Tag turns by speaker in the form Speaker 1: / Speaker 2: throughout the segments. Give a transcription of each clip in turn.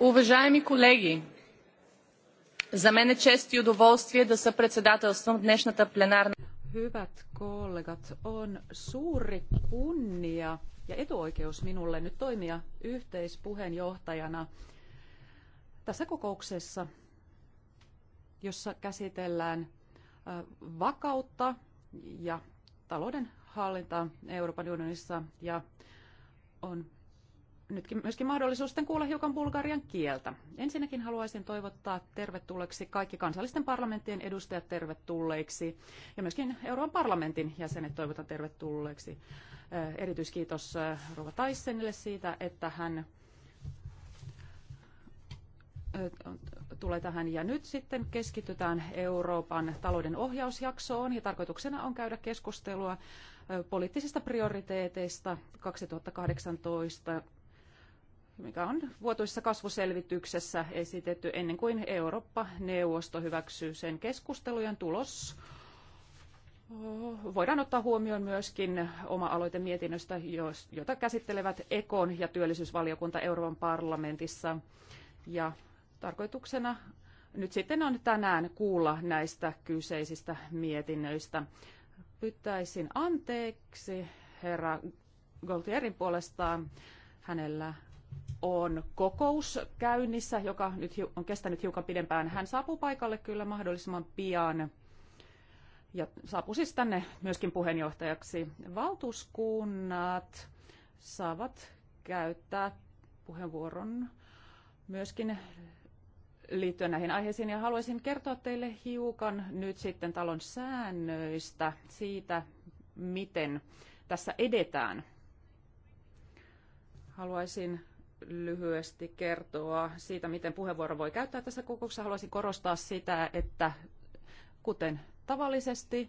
Speaker 1: Уважаеми колеги, за мен е чест и удоволствие да съпредседателствам днешната пленарна. Hyvät kollegat, on suuri kunnia ja etuoikeus minulle nyt toimia yhteispuheenjohtajana tässä kokouksessa, jossa käsitellään vakautta ja talouden hallinta Euroopan unionissa ja on nytkin myöskin mahdollisuus sitten kuulla hiukan bulgarian kieltä. Ensinnäkin haluaisin toivottaa tervetulleeksi kaikki kansallisten parlamenttien edustajat tervetulleiksi ja myöskin Euroopan parlamentin jäsenet toivotan tervetulleeksi. Äh, erityiskiitos äh, Rova Taissenille siitä, että hän äh, tulee tähän. Ja nyt sitten keskitytään Euroopan talouden ohjausjaksoon ja tarkoituksena on käydä keskustelua poliittisista prioriteeteista 2018 mikä on vuotuisessa kasvuselvityksessä esitetty ennen kuin Eurooppa-neuvosto hyväksyy sen keskustelujen tulos. Voidaan ottaa huomioon myöskin oma aloite mietinnöstä, jota käsittelevät Ekon ja työllisyysvaliokunta Euroopan parlamentissa. Ja tarkoituksena nyt sitten on tänään kuulla näistä kyseisistä mietinnöistä. Pyytäisin anteeksi herra Goltierin puolestaan. Hänellä on kokous käynnissä, joka nyt on kestänyt hiukan pidempään. Hän saapuu paikalle kyllä mahdollisimman pian ja saapuu siis tänne myöskin puheenjohtajaksi. Valtuuskunnat saavat käyttää puheenvuoron myöskin liittyen näihin aiheisiin ja haluaisin kertoa teille hiukan nyt sitten talon säännöistä siitä, miten tässä edetään. Haluaisin lyhyesti kertoa siitä, miten puheenvuoro voi käyttää tässä kokouksessa. Haluaisin korostaa sitä, että kuten tavallisesti,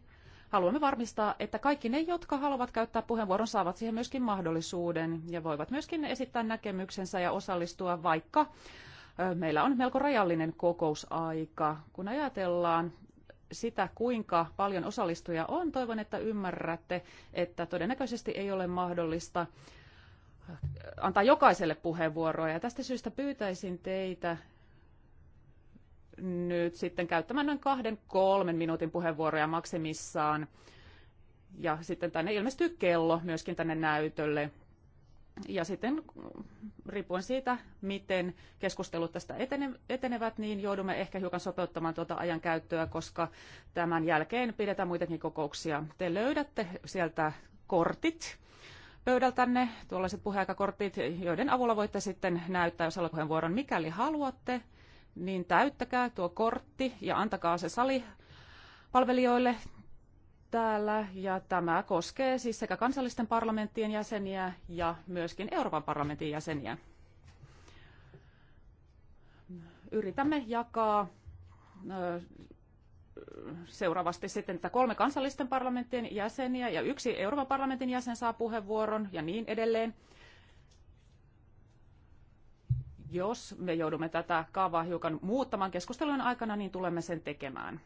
Speaker 1: haluamme varmistaa, että kaikki ne, jotka haluavat käyttää puheenvuoron, saavat siihen myöskin mahdollisuuden ja voivat myöskin esittää näkemyksensä ja osallistua, vaikka meillä on melko rajallinen kokousaika. Kun ajatellaan sitä, kuinka paljon osallistujia on, toivon, että ymmärrätte, että todennäköisesti ei ole mahdollista antaa jokaiselle puheenvuoroa. Ja tästä syystä pyytäisin teitä nyt sitten käyttämään noin kahden, kolmen minuutin puheenvuoroja maksimissaan. Ja sitten tänne ilmestyy kello myöskin tänne näytölle. Ja sitten riippuen siitä, miten keskustelut tästä etenevät, niin joudumme ehkä hiukan sopeuttamaan tuota ajan käyttöä, koska tämän jälkeen pidetään muitakin kokouksia. Te löydätte sieltä kortit pöydältänne tuollaiset puheaikakortit, joiden avulla voitte sitten näyttää salapuheenvuoron, mikäli haluatte, niin täyttäkää tuo kortti ja antakaa se sali palvelijoille täällä. Ja tämä koskee siis sekä kansallisten parlamenttien jäseniä ja myöskin Euroopan parlamentin jäseniä. Yritämme jakaa seuraavasti sitten että kolme kansallisten parlamenttien jäseniä ja yksi Euroopan parlamentin jäsen saa puheenvuoron ja niin edelleen. Jos me joudumme tätä kaavaa hiukan muuttamaan keskustelujen aikana, niin tulemme sen tekemään.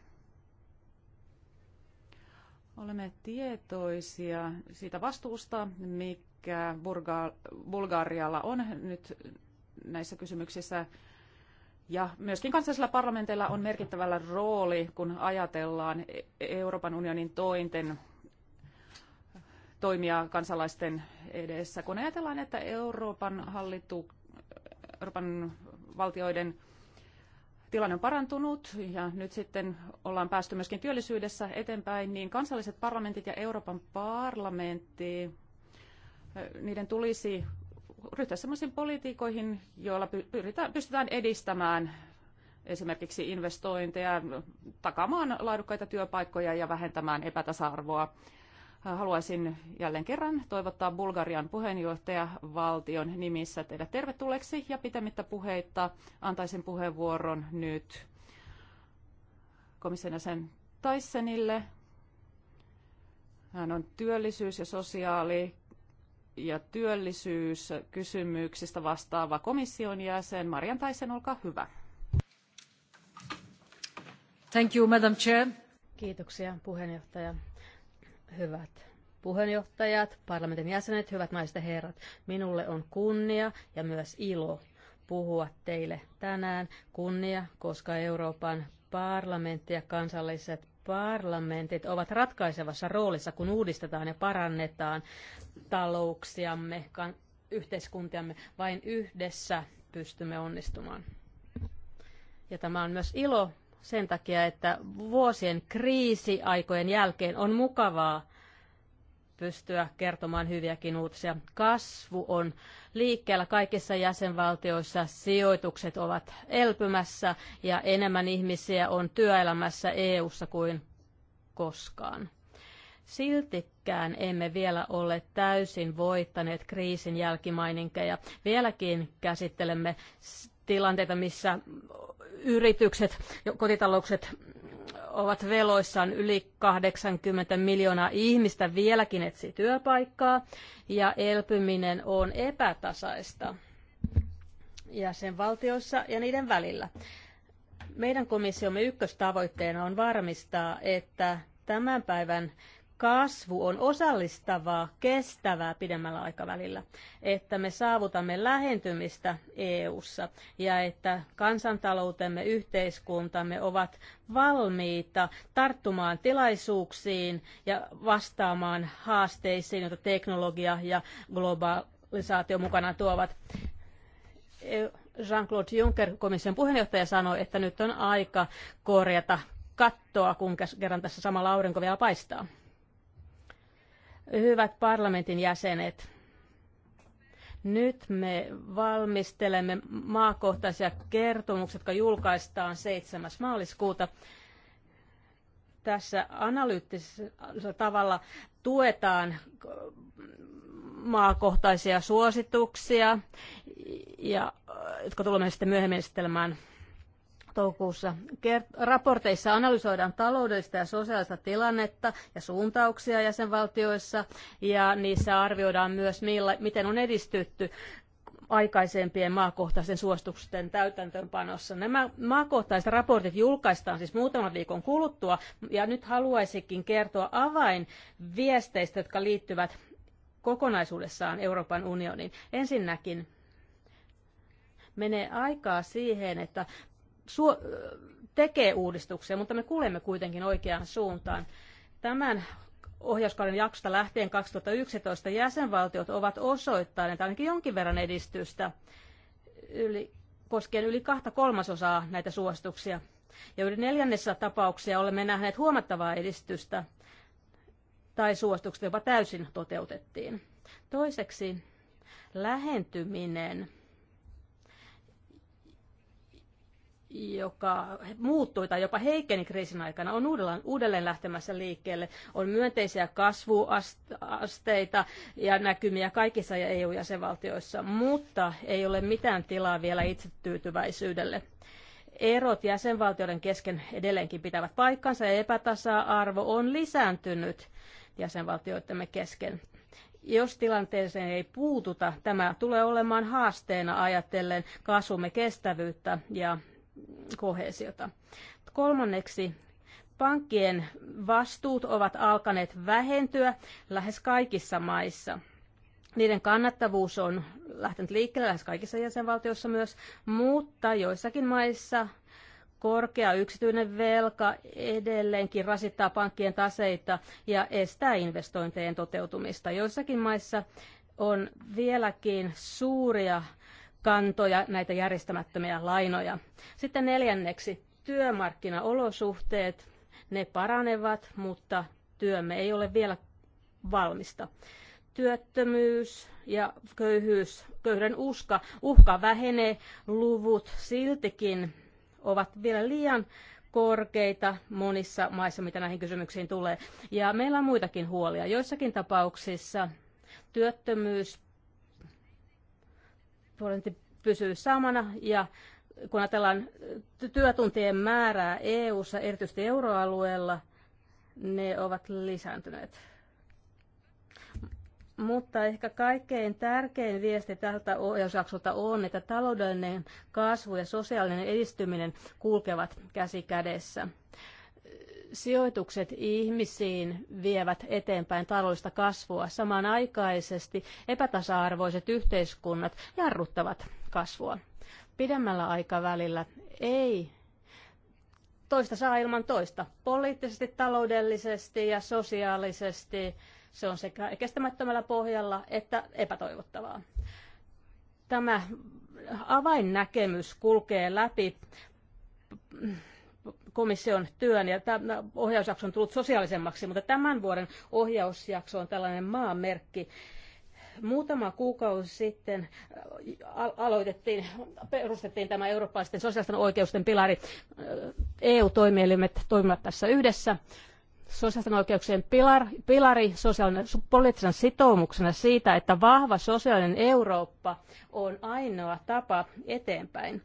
Speaker 1: Olemme tietoisia siitä vastuusta, mikä Bulgarialla on nyt näissä kysymyksissä ja myöskin kansallisilla parlamenteilla on merkittävällä rooli, kun ajatellaan Euroopan unionin tointen toimia kansalaisten edessä. Kun ajatellaan, että Euroopan, hallitu, Euroopan valtioiden tilanne on parantunut ja nyt sitten ollaan päästy myöskin työllisyydessä eteenpäin, niin kansalliset parlamentit ja Euroopan parlamentti, niiden tulisi ryhtyä sellaisiin politiikoihin, joilla pyritään, pystytään edistämään esimerkiksi investointeja, takamaan laadukkaita työpaikkoja ja vähentämään epätasa-arvoa. Haluaisin jälleen kerran toivottaa Bulgarian puheenjohtaja valtion nimissä teidät tervetulleeksi ja pitämättä puheitta antaisin puheenvuoron nyt komission jäsen taissenille. Hän on työllisyys- ja sosiaali- ja työllisyyskysymyksistä vastaava komission jäsen Marian Taisen, olkaa hyvä.
Speaker 2: Thank you, Madam Chair. Kiitoksia puheenjohtaja. Hyvät puheenjohtajat, parlamentin jäsenet, hyvät naiset ja herrat. Minulle on kunnia ja myös ilo puhua teille tänään. Kunnia, koska Euroopan parlamentti ja kansalliset parlamentit ovat ratkaisevassa roolissa, kun uudistetaan ja parannetaan talouksiamme, yhteiskuntiamme. Vain yhdessä pystymme onnistumaan. Ja tämä on myös ilo sen takia, että vuosien kriisiaikojen jälkeen on mukavaa pystyä kertomaan hyviäkin uutisia. Kasvu on liikkeellä kaikissa jäsenvaltioissa. Sijoitukset ovat elpymässä ja enemmän ihmisiä on työelämässä EU-ssa kuin koskaan. Siltikään emme vielä ole täysin voittaneet kriisin jälkimaininkeja. Vieläkin käsittelemme tilanteita, missä yritykset, kotitaloukset ovat veloissaan yli 80 miljoonaa ihmistä vieläkin etsii työpaikkaa ja elpyminen on epätasaista jäsenvaltioissa ja niiden välillä. Meidän komissiomme ykköstavoitteena on varmistaa, että tämän päivän kasvu on osallistavaa, kestävää pidemmällä aikavälillä, että me saavutamme lähentymistä EU:ssa ja että kansantaloutemme, yhteiskuntamme ovat valmiita tarttumaan tilaisuuksiin ja vastaamaan haasteisiin, joita teknologia ja globalisaatio mukana tuovat. E- Jean-Claude Juncker, komission puheenjohtaja, sanoi, että nyt on aika korjata kattoa, kun kerran tässä samalla aurinko vielä paistaa. Hyvät parlamentin jäsenet, nyt me valmistelemme maakohtaisia kertomuksia, jotka julkaistaan 7. maaliskuuta. Tässä analyyttisella tavalla tuetaan maakohtaisia suosituksia, ja, jotka tulemme sitten myöhemmin esittelemään toukokuussa. Raporteissa analysoidaan taloudellista ja sosiaalista tilannetta ja suuntauksia jäsenvaltioissa ja niissä arvioidaan myös, millä, miten on edistytty aikaisempien maakohtaisten suositusten täytäntöönpanossa. Nämä maakohtaiset raportit julkaistaan siis muutaman viikon kuluttua, ja nyt haluaisikin kertoa avainviesteistä, jotka liittyvät kokonaisuudessaan Euroopan unioniin. Ensinnäkin menee aikaa siihen, että tekee uudistuksia, mutta me kuulemme kuitenkin oikeaan suuntaan. Tämän ohjauskauden jaksosta lähtien 2011 jäsenvaltiot ovat osoittaneet ainakin jonkin verran edistystä yli, koskien yli kahta kolmasosaa näitä suosituksia. Ja yli neljännessä tapauksia olemme nähneet huomattavaa edistystä tai suositukset jopa täysin toteutettiin. Toiseksi lähentyminen joka muuttui tai jopa heikkeni kriisin aikana, on uudelleen, uudelleen lähtemässä liikkeelle. On myönteisiä kasvuasteita ja näkymiä kaikissa EU-jäsenvaltioissa, mutta ei ole mitään tilaa vielä itsetyytyväisyydelle. Erot jäsenvaltioiden kesken edelleenkin pitävät paikkansa ja epätasa-arvo on lisääntynyt jäsenvaltioittemme kesken jos tilanteeseen ei puututa, tämä tulee olemaan haasteena ajatellen kasvumme kestävyyttä ja kohesiota. Kolmanneksi pankkien vastuut ovat alkaneet vähentyä lähes kaikissa maissa. Niiden kannattavuus on lähtenyt liikkeelle lähes kaikissa jäsenvaltioissa myös, mutta joissakin maissa korkea yksityinen velka edelleenkin rasittaa pankkien taseita ja estää investointejen toteutumista. Joissakin maissa on vieläkin suuria kantoja, näitä järjestämättömiä lainoja. Sitten neljänneksi, työmarkkinaolosuhteet, ne paranevat, mutta työmme ei ole vielä valmista. Työttömyys ja köyhyys, köyhyyden uska, uhka vähenee, luvut siltikin ovat vielä liian korkeita monissa maissa, mitä näihin kysymyksiin tulee. Ja meillä on muitakin huolia. Joissakin tapauksissa työttömyys prosentti pysyy samana ja kun ajatellaan työtuntien määrää EU-ssa, erityisesti euroalueella, ne ovat lisääntyneet. Mutta ehkä kaikkein tärkein viesti tältä ohjausjaksolta on, että taloudellinen kasvu ja sosiaalinen edistyminen kulkevat käsi kädessä sijoitukset ihmisiin vievät eteenpäin taloudellista kasvua. Samanaikaisesti epätasa-arvoiset yhteiskunnat jarruttavat kasvua. Pidemmällä aikavälillä ei toista saa ilman toista. Poliittisesti, taloudellisesti ja sosiaalisesti se on sekä kestämättömällä pohjalla että epätoivottavaa. Tämä avainnäkemys kulkee läpi komission työn ja tämä ohjausjakso on tullut sosiaalisemmaksi, mutta tämän vuoden ohjausjakso on tällainen maamerkki. Muutama kuukausi sitten äh, aloitettiin, perustettiin tämä eurooppalaisten sosiaalisten oikeusten pilari. Äh, EU-toimielimet toimivat tässä yhdessä sosiaalisten oikeuksien pilar, pilari sosiaalinen, poliittisena sitoumuksena siitä, että vahva sosiaalinen Eurooppa on ainoa tapa eteenpäin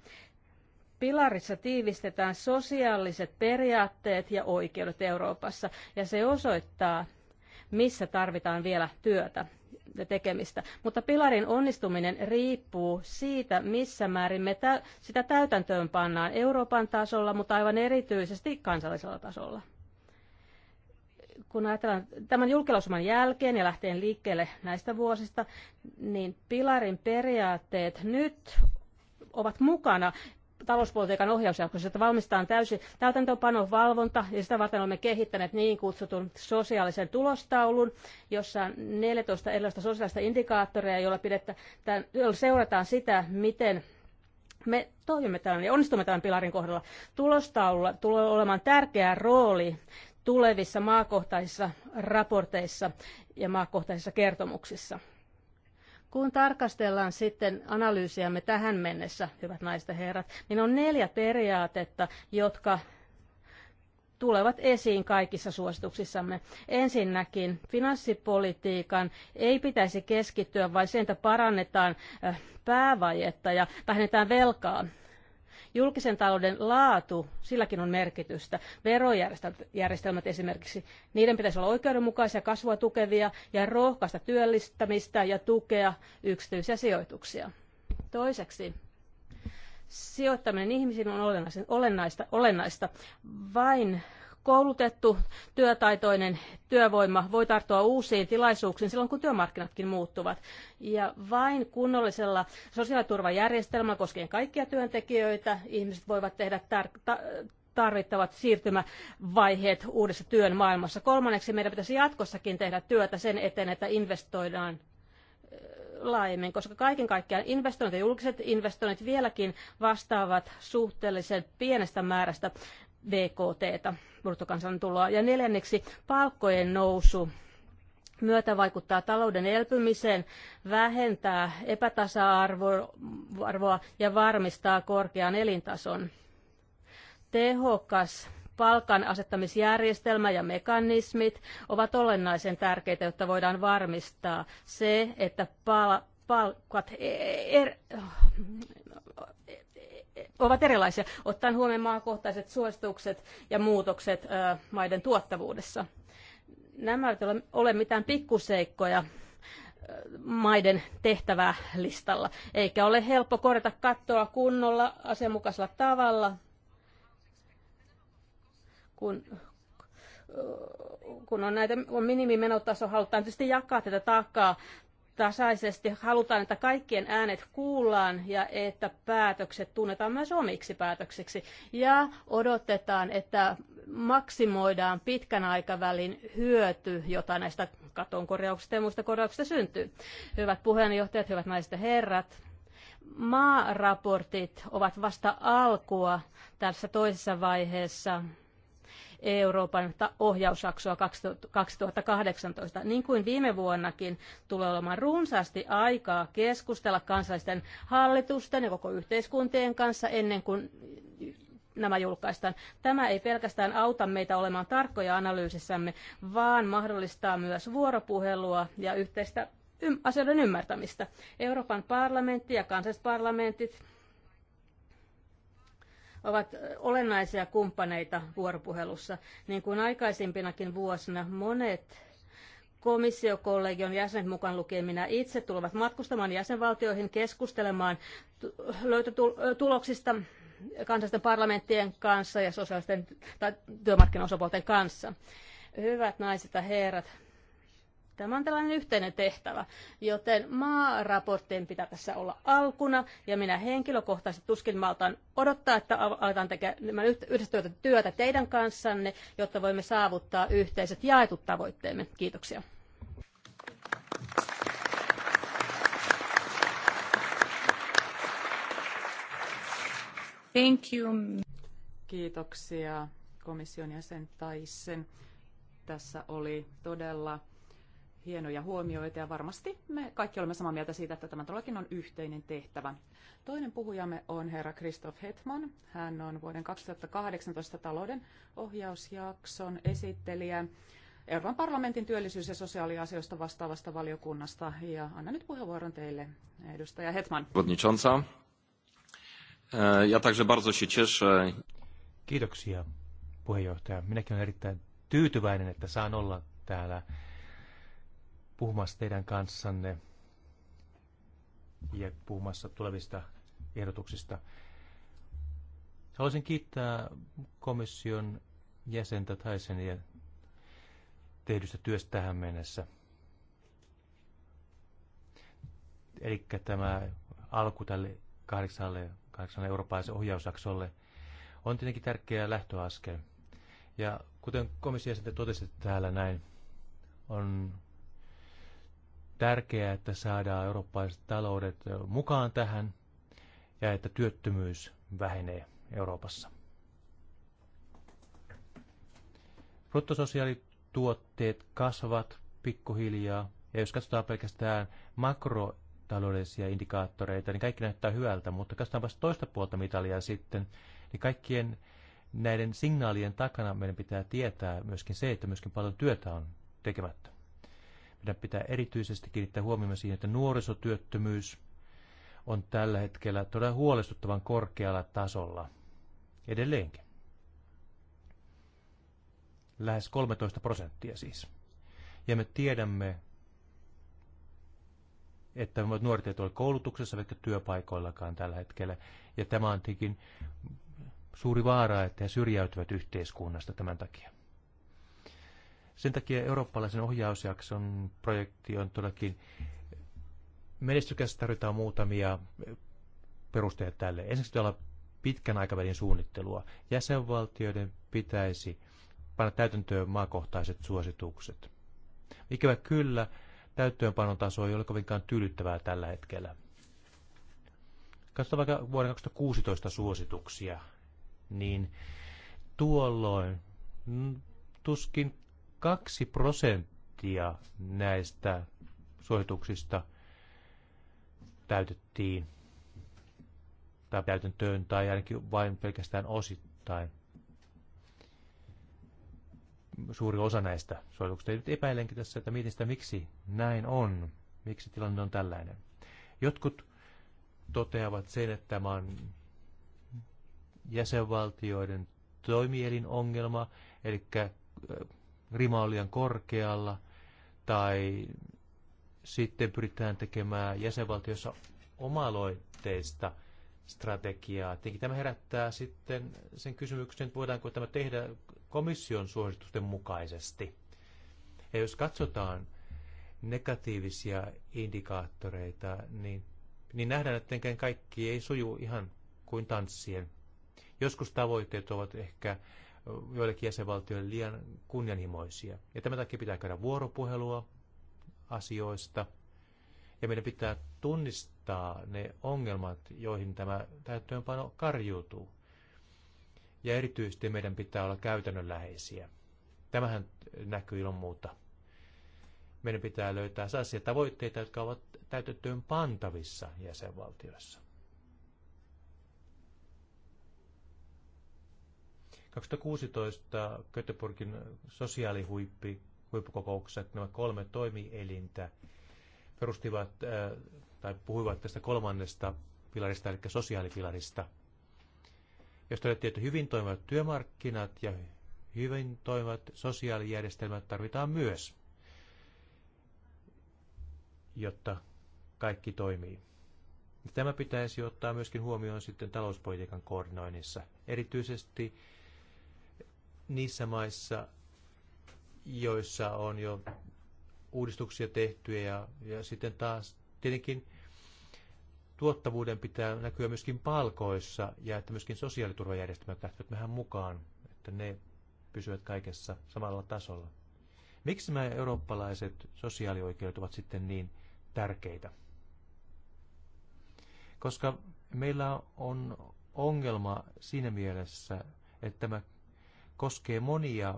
Speaker 2: pilarissa tiivistetään sosiaaliset periaatteet ja oikeudet Euroopassa, ja se osoittaa, missä tarvitaan vielä työtä ja tekemistä. Mutta pilarin onnistuminen riippuu siitä, missä määrin me tä- sitä täytäntöön pannaan Euroopan tasolla, mutta aivan erityisesti kansallisella tasolla. Kun ajatellaan tämän julkilausuman jälkeen ja lähteen liikkeelle näistä vuosista, niin pilarin periaatteet nyt ovat mukana talouspolitiikan ohjausjaksossa, että valmistetaan täysin täytäntöpano, valvonta ja sitä varten olemme kehittäneet niin kutsutun sosiaalisen tulostaulun, jossa on 14 erilaista sosiaalista indikaattoria, joilla, pidetään, joilla seurataan sitä, miten me toimimme tämän ja onnistumme tämän pilarin kohdalla. Tulostaululla tulee olemaan tärkeä rooli tulevissa maakohtaisissa raporteissa ja maakohtaisissa kertomuksissa. Kun tarkastellaan sitten analyysiämme tähän mennessä, hyvät naiset ja herrat, niin on neljä periaatetta, jotka tulevat esiin kaikissa suosituksissamme. Ensinnäkin finanssipolitiikan ei pitäisi keskittyä vain sen, että parannetaan äh, päävajetta ja vähennetään velkaa Julkisen talouden laatu, silläkin on merkitystä. Verojärjestelmät esimerkiksi, niiden pitäisi olla oikeudenmukaisia, kasvua tukevia ja rohkaista työllistämistä ja tukea yksityisiä sijoituksia. Toiseksi sijoittaminen ihmisiin on olennaista. olennaista. Vain koulutettu työtaitoinen työvoima voi tarttua uusiin tilaisuuksiin silloin, kun työmarkkinatkin muuttuvat. Ja vain kunnollisella sosiaaliturvajärjestelmällä koskien kaikkia työntekijöitä ihmiset voivat tehdä tar- tarvittavat siirtymävaiheet uudessa työn maailmassa. Kolmanneksi meidän pitäisi jatkossakin tehdä työtä sen eteen, että investoidaan laajemmin, koska kaiken kaikkiaan investoinnit ja julkiset investoinnit vieläkin vastaavat suhteellisen pienestä määrästä BKT, bruttokansantuloa. Ja neljänneksi palkkojen nousu myötä vaikuttaa talouden elpymiseen, vähentää epätasa-arvoa ja varmistaa korkean elintason. Tehokas palkan asettamisjärjestelmä ja mekanismit ovat olennaisen tärkeitä, jotta voidaan varmistaa se, että pal- palkat e- e- er- ovat erilaisia, ottaen huomioon maakohtaiset suositukset ja muutokset ö, maiden tuottavuudessa. Nämä eivät ole, ole mitään pikkuseikkoja maiden tehtävää listalla, eikä ole helppo korjata kattoa kunnolla asianmukaisella tavalla, kun, kun on näitä on minimimenotaso, halutaan tietysti jakaa tätä taakkaa tasaisesti. Halutaan, että kaikkien äänet kuullaan ja että päätökset tunnetaan myös omiksi päätöksiksi. Ja odotetaan, että maksimoidaan pitkän aikavälin hyöty, jota näistä katonkorjauksista ja muista korjauksista syntyy. Hyvät puheenjohtajat, hyvät naiset ja herrat, maaraportit ovat vasta alkua tässä toisessa vaiheessa Euroopan ohjausjaksoa 2018. Niin kuin viime vuonnakin tulee olemaan runsaasti aikaa keskustella kansallisten hallitusten ja koko yhteiskuntien kanssa ennen kuin nämä julkaistaan. Tämä ei pelkästään auta meitä olemaan tarkkoja analyysissämme, vaan mahdollistaa myös vuoropuhelua ja yhteistä asioiden ymmärtämistä. Euroopan parlamentti ja kansallisparlamentit ovat olennaisia kumppaneita vuoropuhelussa. Niin kuin aikaisimpinakin vuosina monet komissiokollegion jäsenet mukaan lukien minä itse tulevat matkustamaan jäsenvaltioihin keskustelemaan löytötuloksista kansallisten parlamenttien kanssa ja sosiaalisten tai työmarkkinaosapuolten kanssa. Hyvät naiset ja herrat, Tämä on tällainen yhteinen tehtävä, joten maaraporttien pitää tässä olla alkuna, ja minä henkilökohtaisesti tuskin maltaan odottaa, että aletaan tekemään yhdessä työtä teidän kanssanne, jotta voimme saavuttaa yhteiset jaetut tavoitteemme. Kiitoksia.
Speaker 1: Thank you. Kiitoksia komission jäsen Taissen. Tässä oli todella hienoja huomioita ja varmasti me kaikki olemme samaa mieltä siitä, että tämä todellakin on yhteinen tehtävä. Toinen puhujamme on herra Christoph Hetman. Hän on vuoden 2018 talouden ohjausjakson esittelijä Euroopan parlamentin työllisyys- ja sosiaaliasioista vastaavasta valiokunnasta. Ja annan nyt puheenvuoron teille, edustaja Hetman.
Speaker 3: E, ja takže bardzo się cieszę. Kiitoksia, puheenjohtaja. Minäkin olen erittäin tyytyväinen, että saan olla täällä puhumassa teidän kanssanne ja puhumassa tulevista ehdotuksista. Haluaisin kiittää komission jäsentä Tysenia tehdystä työstä tähän mennessä. Eli tämä alku tälle kahdeksalle, kahdeksalle eurooppalaisen ohjausjaksolle on tietenkin tärkeä lähtöaskel. Ja kuten komission jäsentä totesi täällä näin, on tärkeää, että saadaan eurooppalaiset taloudet mukaan tähän ja että työttömyys vähenee Euroopassa. Bruttososiaalituotteet kasvavat pikkuhiljaa ja jos katsotaan pelkästään makrotaloudellisia indikaattoreita, niin kaikki näyttää hyvältä, mutta katsotaanpa toista puolta mitalia sitten, niin kaikkien näiden signaalien takana meidän pitää tietää myöskin se, että myöskin paljon työtä on tekemättä meidän pitää erityisesti kiinnittää huomioon siihen, että nuorisotyöttömyys on tällä hetkellä todella huolestuttavan korkealla tasolla edelleenkin. Lähes 13 prosenttia siis. Ja me tiedämme, että nuoret eivät ole koulutuksessa vaikka työpaikoillakaan tällä hetkellä. Ja tämä on tietenkin suuri vaara, että he syrjäytyvät yhteiskunnasta tämän takia. Sen takia eurooppalaisen ohjausjakson projekti on todellakin menestykässä Tarvitaan muutamia perusteita tälle. Ensiksi pitää olla pitkän aikavälin suunnittelua. Jäsenvaltioiden pitäisi panna täytäntöön maakohtaiset suositukset. Ikävä kyllä, täyttöönpanon taso ei ole kovinkaan tyydyttävää tällä hetkellä. Katsotaan vaikka vuoden 2016 suosituksia, niin tuolloin mm, tuskin kaksi prosenttia näistä suosituksista täytettiin tai täytäntöön tai ainakin vain pelkästään osittain. Suuri osa näistä suosituksista. Nyt epäilenkin tässä, että mietin sitä, miksi näin on, miksi tilanne on tällainen. Jotkut toteavat sen, että tämä on jäsenvaltioiden toimielin ongelma, eli rima on liian korkealla, tai sitten pyritään tekemään jäsenvaltiossa omaloitteista strategiaa. Tietenkin tämä herättää sitten sen kysymyksen, että voidaanko tämä tehdä komission suositusten mukaisesti. Ja jos katsotaan negatiivisia indikaattoreita, niin, niin nähdään, että kaikki ei suju ihan kuin tanssien. Joskus tavoitteet ovat ehkä joillekin jäsenvaltioille liian kunnianhimoisia. Ja tämän takia pitää käydä vuoropuhelua asioista, ja meidän pitää tunnistaa ne ongelmat, joihin tämä täyttöönpano karjuutuu. Ja erityisesti meidän pitää olla käytännönläheisiä. Tämähän näkyy ilman muuta. Meidän pitää löytää sellaisia tavoitteita, jotka ovat täytettyön pantavissa jäsenvaltioissa. 2016 Göteborgin sosiaalihuippi huippukokouksessa nämä kolme toimielintä perustivat äh, tai puhuivat tästä kolmannesta pilarista, eli sosiaalipilarista, jos todettiin, että hyvin toimivat työmarkkinat ja hyvin toimivat sosiaalijärjestelmät tarvitaan myös, jotta kaikki toimii. Tämä pitäisi ottaa myöskin huomioon sitten talouspolitiikan koordinoinnissa. Erityisesti niissä maissa, joissa on jo uudistuksia tehtyjä ja, ja sitten taas tietenkin tuottavuuden pitää näkyä myöskin palkoissa ja että myöskin sosiaaliturvajärjestelmät lähtevät vähän mukaan, että ne pysyvät kaikessa samalla tasolla. Miksi nämä eurooppalaiset sosiaalioikeudet ovat sitten niin tärkeitä? Koska meillä on ongelma siinä mielessä, että tämä koskee monia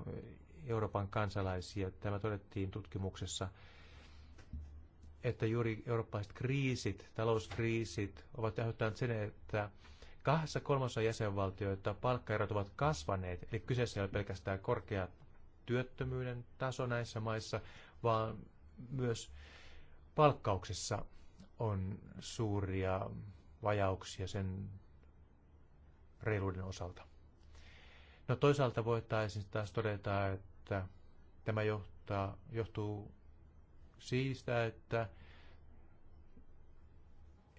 Speaker 3: Euroopan kansalaisia. Tämä todettiin tutkimuksessa, että juuri eurooppalaiset kriisit, talouskriisit, ovat aiheuttaneet sen, että kahdessa kolmassa jäsenvaltioita palkkaerot ovat kasvaneet. Eli kyseessä ei ole pelkästään korkea työttömyyden taso näissä maissa, vaan myös palkkauksessa on suuria vajauksia sen reiluuden osalta. No toisaalta voitaisiin taas todeta, että tämä johtaa, johtuu siitä, että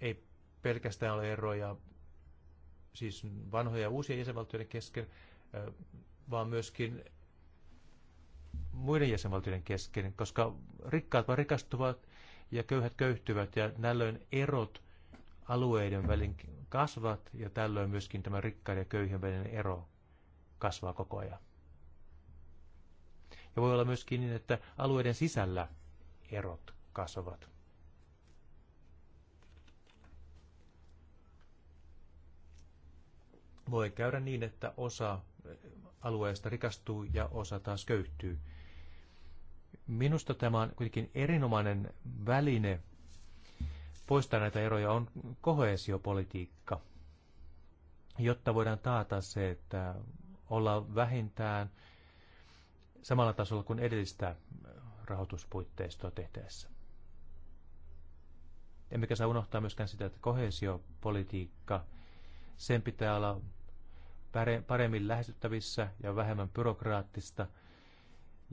Speaker 3: ei pelkästään ole eroja siis vanhoja ja uusia jäsenvaltioiden kesken, vaan myöskin muiden jäsenvaltioiden kesken, koska rikkaat vaan rikastuvat ja köyhät köyhtyvät ja tällöin erot alueiden välin kasvat ja tällöin myöskin tämä rikkaiden ja köyhien välinen ero kasvaa koko ajan. Ja voi olla myöskin niin, että alueiden sisällä erot kasvavat. Voi käydä niin, että osa alueesta rikastuu ja osa taas köyhtyy. Minusta tämä on kuitenkin erinomainen väline poistaa näitä eroja on kohesiopolitiikka, jotta voidaan taata se, että olla vähintään samalla tasolla kuin edellistä rahoituspuitteistoa tehtäessä. Emmekä saa unohtaa myöskään sitä, että kohesiopolitiikka, sen pitää olla paremmin lähestyttävissä ja vähemmän byrokraattista,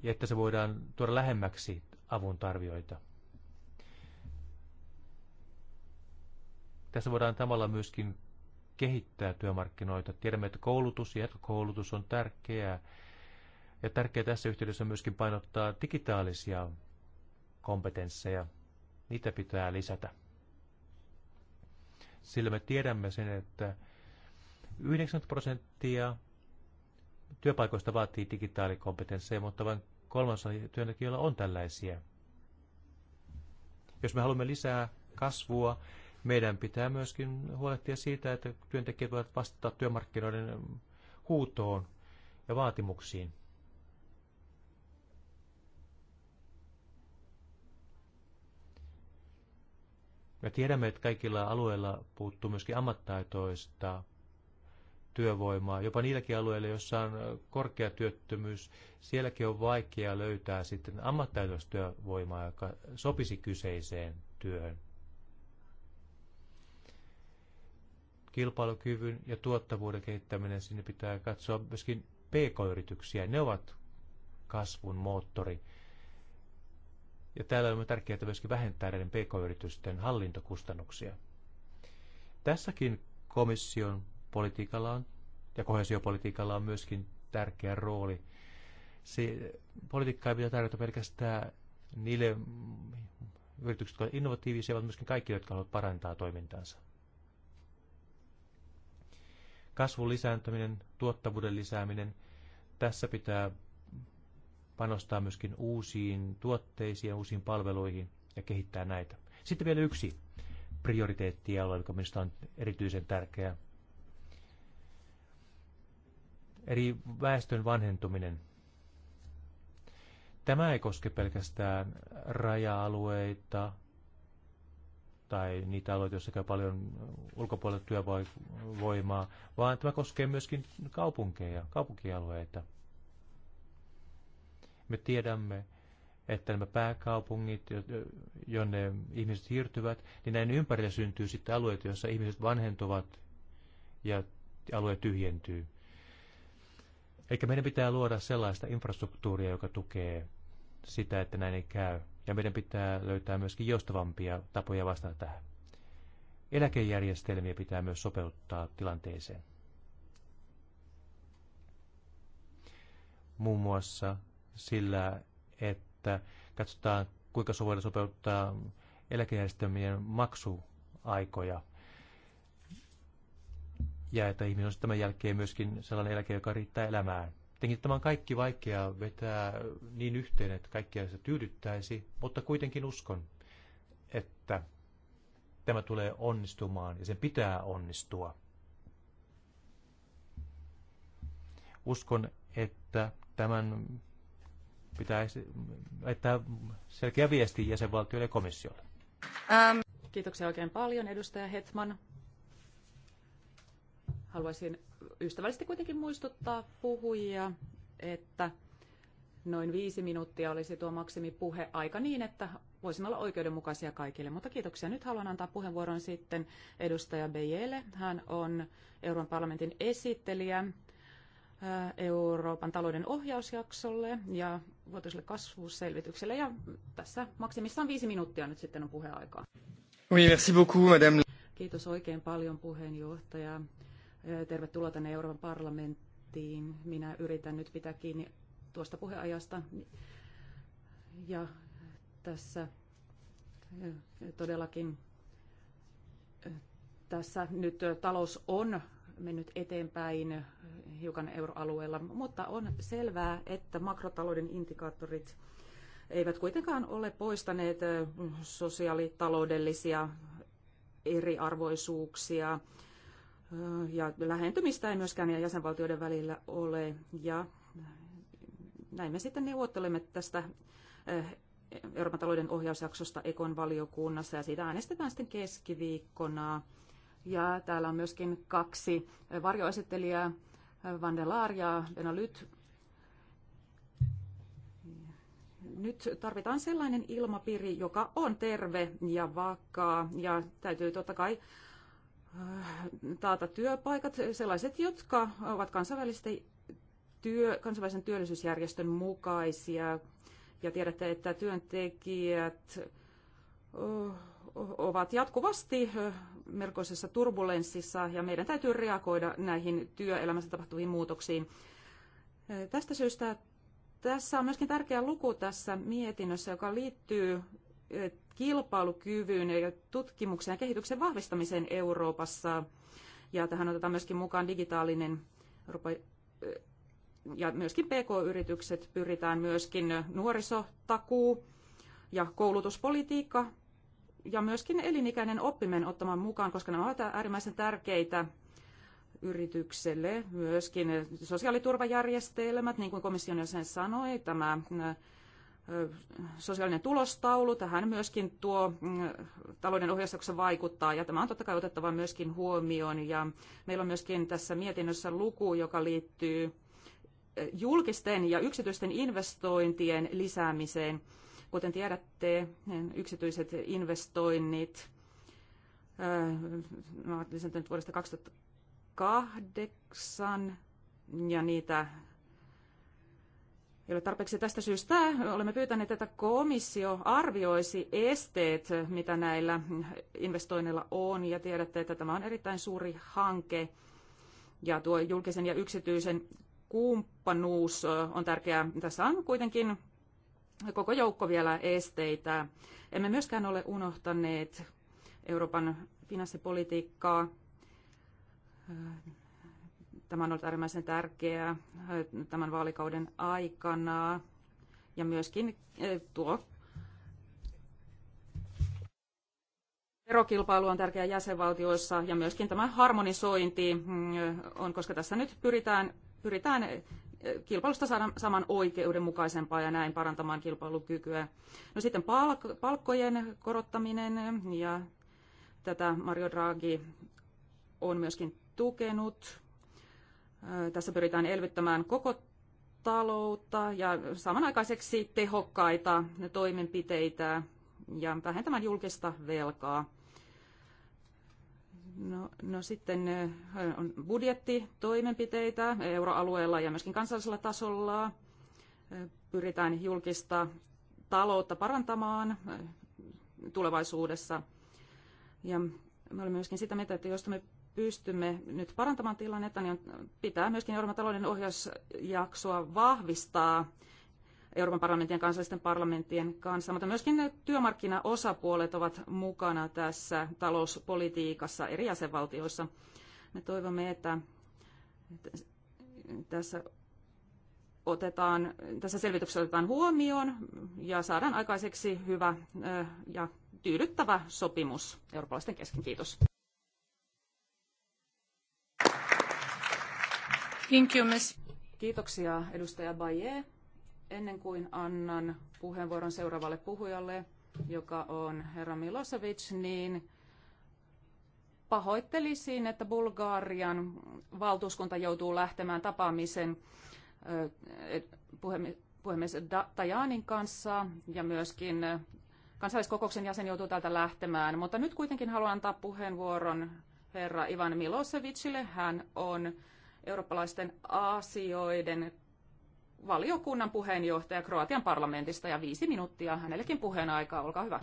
Speaker 3: ja että se voidaan tuoda lähemmäksi avun tarvioita. Tässä voidaan tavallaan myöskin kehittää työmarkkinoita. Tiedämme, että koulutus ja jatkokoulutus on tärkeää. Ja tärkeää tässä yhteydessä on myöskin painottaa digitaalisia kompetensseja. Niitä pitää lisätä. Sillä me tiedämme sen, että 90 prosenttia työpaikoista vaatii digitaalikompetensseja, mutta vain kolmasosa työntekijöillä on tällaisia. Jos me haluamme lisää kasvua, meidän pitää myöskin huolehtia siitä, että työntekijät voivat vastata työmarkkinoiden huutoon ja vaatimuksiin. Me tiedämme, että kaikilla alueilla puuttuu myöskin ammattaitoista työvoimaa. Jopa niilläkin alueilla, joissa on korkea työttömyys, sielläkin on vaikea löytää sitten ammattitaitoista työvoimaa, joka sopisi kyseiseen työhön. kilpailukyvyn ja tuottavuuden kehittäminen, sinne pitää katsoa myöskin pk-yrityksiä. Ne ovat kasvun moottori. Ja täällä on tärkeää myöskin vähentää näiden pk-yritysten hallintokustannuksia. Tässäkin komission politiikalla on, ja kohesiopolitiikalla on myöskin tärkeä rooli. Se, politiikka ei pitää tarjota pelkästään niille yritykset, jotka ovat innovatiivisia, vaan myöskin kaikki, jotka haluavat parantaa toimintaansa kasvun lisääntyminen, tuottavuuden lisääminen. Tässä pitää panostaa myöskin uusiin tuotteisiin ja uusiin palveluihin ja kehittää näitä. Sitten vielä yksi prioriteettialue, joka minusta on erityisen tärkeä. eri väestön vanhentuminen. Tämä ei koske pelkästään raja-alueita, tai niitä alueita, joissa käy paljon ulkopuolella työvoimaa, vaan tämä koskee myöskin kaupunkeja, kaupunkialueita. Me tiedämme, että nämä pääkaupungit, jonne ihmiset siirtyvät, niin näin ympärillä syntyy sitten alueita, joissa ihmiset vanhentuvat ja alue tyhjentyy. Eli meidän pitää luoda sellaista infrastruktuuria, joka tukee sitä, että näin ei käy ja meidän pitää löytää myöskin joustavampia tapoja vastata tähän. Eläkejärjestelmiä pitää myös sopeuttaa tilanteeseen. Muun muassa sillä, että katsotaan kuinka voidaan sopeuttaa eläkejärjestelmien maksuaikoja. Ja että ihminen on tämän jälkeen myöskin sellainen eläke, joka riittää elämään. Tietenkin tämä on kaikki vaikeaa vetää niin yhteen, että kaikkia se tyydyttäisi, mutta kuitenkin uskon, että tämä tulee onnistumaan ja sen pitää onnistua. Uskon, että tämän pitäisi että selkeä viesti jäsenvaltioille ja komissiolle.
Speaker 1: Ähm. Kiitoksia oikein paljon, edustaja Hetman. Haluaisin ystävällisesti kuitenkin muistuttaa puhujia, että noin viisi minuuttia olisi tuo maksimi aika niin, että voisimme olla oikeudenmukaisia kaikille. Mutta kiitoksia. Nyt haluan antaa puheenvuoron sitten edustaja Bejele. Hän on Euroopan parlamentin esittelijä äh, Euroopan talouden ohjausjaksolle ja vuotuiselle kasvuselvitykselle. Ja tässä maksimissaan viisi minuuttia nyt sitten on puheaikaa.
Speaker 2: Oui, merci beaucoup, madame.
Speaker 1: Kiitos oikein paljon puheenjohtaja. Tervetuloa tänne Euroopan parlamenttiin. Minä yritän nyt pitää kiinni tuosta puheajasta. Ja tässä todellakin tässä nyt talous on mennyt eteenpäin hiukan euroalueella, mutta on selvää, että makrotalouden indikaattorit eivät kuitenkaan ole poistaneet sosiaalitaloudellisia eriarvoisuuksia ja lähentymistä ei myöskään jäsenvaltioiden välillä ole. Ja näin me sitten neuvottelemme tästä eh, Euroopan talouden ohjausjaksosta Ekon valiokunnassa ja siitä äänestetään sitten keskiviikkona. Ja täällä on myöskin kaksi varjoesittelijää, Van der Laar ja Lyt. Nyt tarvitaan sellainen ilmapiiri, joka on terve ja vakaa ja täytyy totta kai taata työpaikat, sellaiset, jotka ovat kansainvälisten työ, kansainvälisen työllisyysjärjestön mukaisia. Ja tiedätte, että työntekijät oh, ovat jatkuvasti melkoisessa turbulenssissa ja meidän täytyy reagoida näihin työelämässä tapahtuviin muutoksiin. Tästä syystä tässä on myöskin tärkeä luku tässä mietinnössä, joka liittyy kilpailukyvyn ja tutkimuksen ja kehityksen vahvistamiseen Euroopassa. Ja tähän otetaan myöskin mukaan digitaalinen Euroopan ja myöskin PK-yritykset pyritään myöskin nuorisotakuu ja koulutuspolitiikka ja myöskin elinikäinen oppiminen ottamaan mukaan, koska nämä ovat äärimmäisen tärkeitä yritykselle. Myöskin sosiaaliturvajärjestelmät, niin kuin komission jäsen sanoi, tämä sosiaalinen tulostaulu tähän myöskin tuo mm, talouden ohjauksessa vaikuttaa ja tämä on totta kai otettava myöskin huomioon ja meillä on myöskin tässä mietinnössä luku, joka liittyy julkisten ja yksityisten investointien lisäämiseen. Kuten tiedätte, niin yksityiset investoinnit ovat lisääntyneet vuodesta 2008 ja niitä ei ole tarpeeksi. Tästä syystä olemme pyytäneet, että komissio arvioisi esteet, mitä näillä investoinneilla on. Ja tiedätte, että tämä on erittäin suuri hanke. Ja tuo julkisen ja yksityisen kumppanuus on tärkeää. Tässä on kuitenkin koko joukko vielä esteitä. Emme myöskään ole unohtaneet Euroopan finanssipolitiikkaa Tämä on ollut äärimmäisen tärkeää tämän vaalikauden aikana ja myöskin tuo verokilpailu on tärkeä jäsenvaltioissa ja myöskin tämä harmonisointi mm, on, koska tässä nyt pyritään, pyritään kilpailusta saada saman oikeudenmukaisempaa ja näin parantamaan kilpailukykyä. No sitten palk- palkkojen korottaminen ja tätä Mario Draghi on myöskin tukenut. Tässä pyritään elvyttämään koko taloutta ja samanaikaiseksi tehokkaita toimenpiteitä ja vähentämään julkista velkaa. No, no sitten on budjettitoimenpiteitä euroalueella ja myöskin kansallisella tasolla. Pyritään julkista taloutta parantamaan tulevaisuudessa. Ja me olemme myöskin sitä mieltä, että jos me pystymme nyt parantamaan tilannetta, niin pitää myöskin Euroopan talouden ohjausjaksoa vahvistaa Euroopan parlamentin ja kansallisten parlamenttien kanssa, mutta myöskin ne työmarkkinaosapuolet ovat mukana tässä talouspolitiikassa eri jäsenvaltioissa. Me toivomme, että tässä otetaan, tässä selvityksessä otetaan huomioon ja saadaan aikaiseksi hyvä ja tyydyttävä sopimus eurooppalaisten kesken. Kiitos. Thank you, miss. Kiitoksia, edustaja Baye. Ennen kuin annan puheenvuoron seuraavalle puhujalle, joka on herra Milosevic, niin pahoittelisin, että Bulgarian valtuuskunta joutuu lähtemään tapaamisen puhemies Tajanin kanssa ja myöskin kansalliskokouksen jäsen joutuu täältä lähtemään. Mutta nyt kuitenkin haluan antaa puheenvuoron herra Ivan Milosevicille. Hän on eurooppalaisten asioiden valiokunnan puheenjohtaja Kroatian parlamentista ja viisi minuuttia hänellekin puheenaikaa. Olkaa hyvä.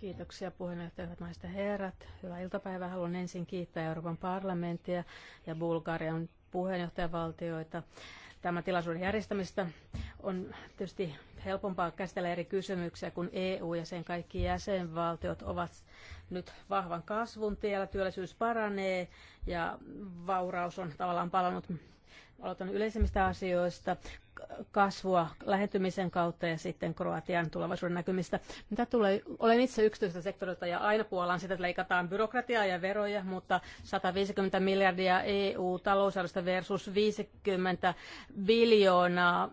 Speaker 2: Kiitoksia puheenjohtaja, hyvät naiset ja herrat. Hyvää iltapäivää. Haluan ensin kiittää Euroopan parlamenttia ja Bulgarian puheenjohtajavaltioita tämän tilaisuuden järjestämistä. On tietysti helpompaa käsitellä eri kysymyksiä, kun EU ja sen kaikki jäsenvaltiot ovat nyt vahvan kasvun tiellä, työllisyys paranee ja vauraus on tavallaan palannut. Aloitan yleisemmistä asioista, kasvua lähentymisen kautta ja sitten Kroatian tulevaisuuden näkymistä. Mitä tulee, olen itse yksityistä sektorilta ja aina puolaan sitä, että leikataan byrokratiaa ja veroja, mutta 150 miljardia EU-talousarvosta versus 50 biljoonaa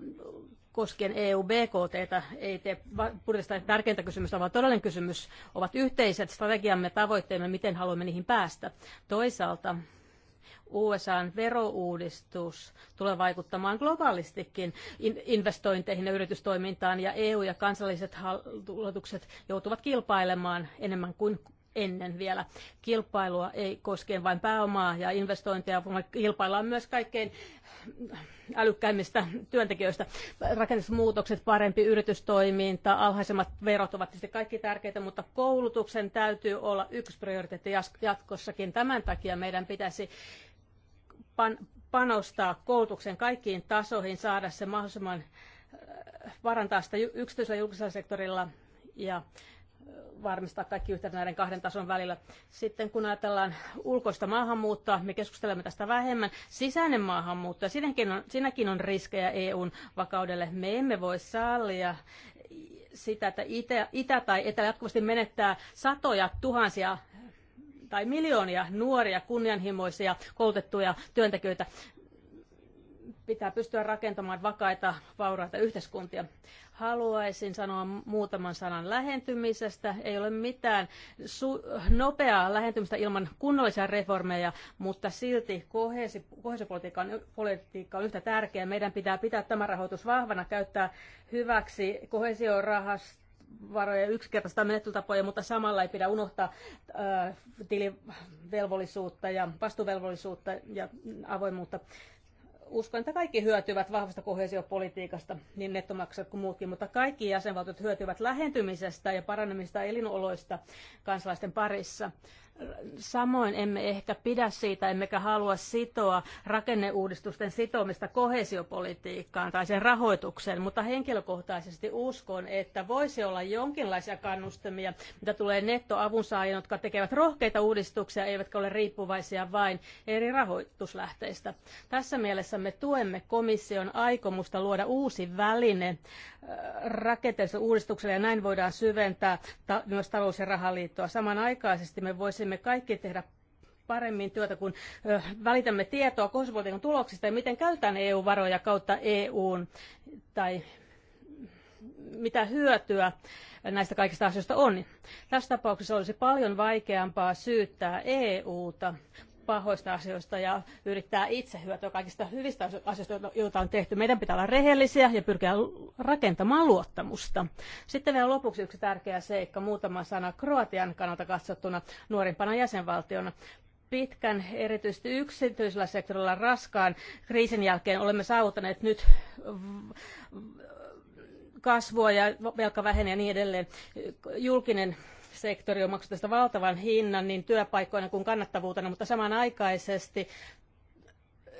Speaker 2: koskien eu bkt ei tee budjetista tärkeintä kysymystä, vaan todellinen kysymys ovat yhteiset strategiamme, tavoitteemme, miten haluamme niihin päästä. Toisaalta USAn verouudistus tulee vaikuttamaan globaalistikin investointeihin ja yritystoimintaan, ja EU ja kansalliset hallitukset joutuvat kilpailemaan enemmän kuin ennen vielä. Kilpailua ei koskien vain pääomaa ja investointeja, vaan kilpaillaan myös kaikkein älykkäimmistä työntekijöistä. Rakennusmuutokset, parempi yritystoiminta, alhaisemmat verot ovat tietysti kaikki tärkeitä, mutta koulutuksen täytyy olla yksi prioriteetti jatkossakin. Tämän takia meidän pitäisi panostaa koulutuksen kaikkiin tasoihin, saada se mahdollisimman parantaa äh, sitä yksityisellä ja julkisella sektorilla ja varmistaa kaikki yhteydet näiden kahden tason välillä. Sitten kun ajatellaan ulkoista maahanmuuttoa, me keskustelemme tästä vähemmän. Sisäinen maahanmuutto, ja siinäkin on, siinäkin on riskejä EUn vakaudelle. Me emme voi sallia sitä, että itä, itä tai etelä jatkuvasti menettää satoja tuhansia tai miljoonia nuoria, kunnianhimoisia, koulutettuja työntekijöitä Pitää pystyä rakentamaan vakaita, vauraita yhteiskuntia. Haluaisin sanoa muutaman sanan lähentymisestä. Ei ole mitään nopeaa lähentymistä ilman kunnollisia reformeja, mutta silti kohesiopolitiikka on, politiikka on yhtä tärkeää. Meidän pitää pitää tämä rahoitus vahvana, käyttää hyväksi kohesiorahasta varoja yksinkertaista menettelytapoja, mutta samalla ei pidä unohtaa ää, äh, tilivelvollisuutta ja vastuvelvollisuutta ja avoimuutta uskon, että kaikki hyötyvät vahvasta kohesiopolitiikasta, niin nettomaksajat kuin muutkin, mutta kaikki jäsenvaltiot hyötyvät lähentymisestä ja parannemista elinoloista kansalaisten parissa. Samoin emme ehkä pidä siitä, emmekä halua sitoa rakenneuudistusten sitomista kohesiopolitiikkaan tai sen rahoitukseen, mutta henkilökohtaisesti uskon, että voisi olla jonkinlaisia kannustamia, mitä tulee nettoavunsaajien, jotka tekevät rohkeita uudistuksia, eivätkä ole riippuvaisia vain eri rahoituslähteistä. Tässä mielessä me tuemme komission aikomusta luoda uusi väline äh, rakenteellisen uudistukselle, ja näin voidaan syventää myös talous- ja rahaliittoa. Samanaikaisesti me voisimme voisimme kaikki tehdä paremmin työtä, kun välitämme tietoa kosmopolitiikan tuloksista ja miten käytetään EU-varoja kautta EUn tai mitä hyötyä näistä kaikista asioista on. Tässä tapauksessa olisi paljon vaikeampaa syyttää EUta pahoista asioista ja yrittää itse hyötyä kaikista hyvistä asioista, joita on tehty. Meidän pitää olla rehellisiä ja pyrkiä rakentamaan luottamusta. Sitten vielä lopuksi yksi tärkeä seikka, muutama sana Kroatian kannalta katsottuna nuorimpana jäsenvaltiona pitkän, erityisesti yksityisellä sektorilla raskaan kriisin jälkeen olemme saavuttaneet nyt kasvua ja velka vähenee ja niin edelleen. Julkinen sektori on maksanut tästä valtavan hinnan niin työpaikkoina kuin kannattavuutena, mutta samanaikaisesti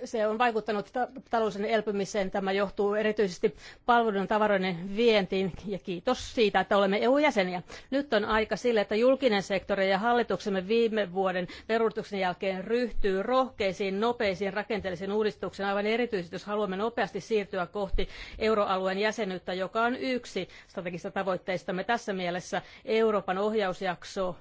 Speaker 2: se on vaikuttanut ta- talouden elpymiseen. Tämä johtuu erityisesti palveluiden tavaroiden vientiin ja kiitos siitä, että olemme EU-jäseniä. Nyt on aika sille, että julkinen sektori ja hallituksemme viime vuoden verotuksen jälkeen ryhtyy rohkeisiin, nopeisiin rakenteellisiin uudistuksiin, aivan erityisesti jos haluamme nopeasti siirtyä kohti euroalueen jäsenyyttä, joka on yksi strategista tavoitteistamme tässä mielessä Euroopan ohjausjakso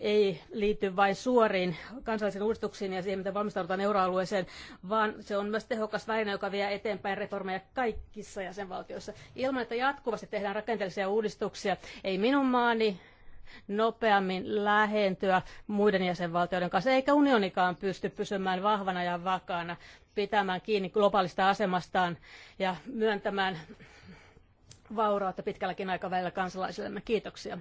Speaker 2: ei liity vain suoriin kansallisiin uudistuksiin ja siihen, miten valmistaudutaan euroalueeseen, vaan se on myös tehokas väline, joka vie eteenpäin reformeja kaikissa jäsenvaltioissa. Ilman, että jatkuvasti tehdään rakenteellisia uudistuksia, ei minun maani nopeammin lähentyä muiden jäsenvaltioiden kanssa, eikä unionikaan pysty pysymään vahvana ja vakaana, pitämään kiinni globaalista asemastaan ja myöntämään vaurautta pitkälläkin aikavälillä kansalaisillemme. Kiitoksia.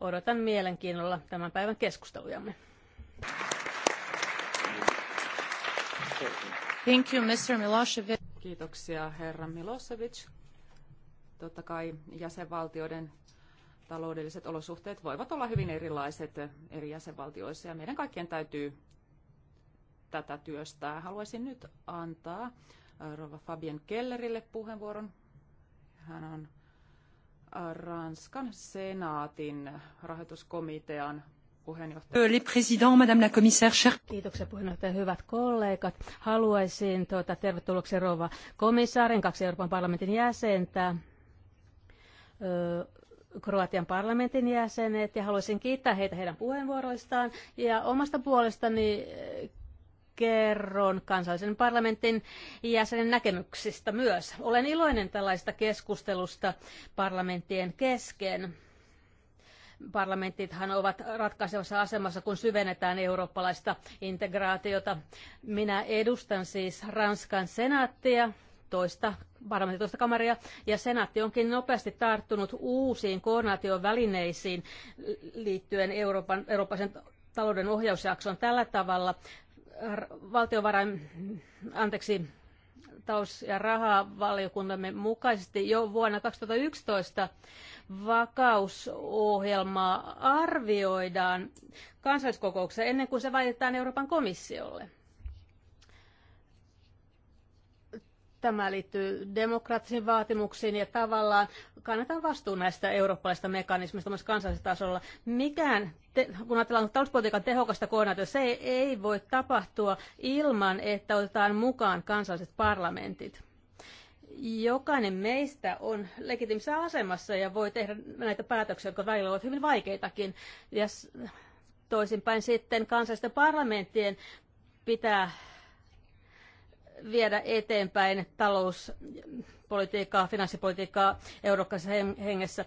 Speaker 2: Odotan mielenkiinnolla tämän päivän keskustelujamme.
Speaker 1: Thank you, Mr. Milosevic. Kiitoksia, herra Milosevic. Totta kai jäsenvaltioiden taloudelliset olosuhteet voivat olla hyvin erilaiset eri jäsenvaltioissa ja meidän kaikkien täytyy tätä työstää. Haluaisin nyt antaa äh, Rova Fabien Kellerille puheenvuoron. Hän on Ranskan senaatin rahoituskomitean euh, Le président, madame la commissaire, cher... Kiitoksia puheenjohtaja,
Speaker 2: hyvät kollegat. Haluaisin tuota, tervetulleeksi rouva komissaarin, kaksi Euroopan parlamentin jäsentä. ö, Kroatian parlamentin jäsenet ja haluaisin kiittää heitä heidän puheenvuoroistaan. Ja omasta puolestani kerron kansallisen parlamentin jäsenen näkemyksistä myös. Olen iloinen tällaista keskustelusta parlamenttien kesken. Parlamentithan ovat ratkaisevassa asemassa, kun syvennetään eurooppalaista integraatiota. Minä edustan siis Ranskan senaattia, toista parlamentin toista kamaria, ja senaatti onkin nopeasti tarttunut uusiin koordinaatiovälineisiin liittyen Euroopan, eurooppalaisen talouden ohjausjakson tällä tavalla valtiovarain, anteeksi, talous- ja rahavaliokuntamme mukaisesti jo vuonna 2011 vakausohjelmaa arvioidaan kansalliskokouksessa ennen kuin se vaihdetaan Euroopan komissiolle. Tämä liittyy demokraattisiin vaatimuksiin ja tavallaan kannetaan vastuu näistä eurooppalaisista mekanismista myös kansallisella tasolla. Mikään, te, kun ajatellaan talouspolitiikan tehokasta koordinaatiota, se ei, ei voi tapahtua ilman, että otetaan mukaan kansalliset parlamentit jokainen meistä on legitimissä asemassa ja voi tehdä näitä päätöksiä, jotka välillä ovat hyvin vaikeitakin. Ja toisinpäin sitten kansallisten parlamenttien pitää viedä eteenpäin talouspolitiikkaa, finanssipolitiikkaa eurooppalaisessa hengessä.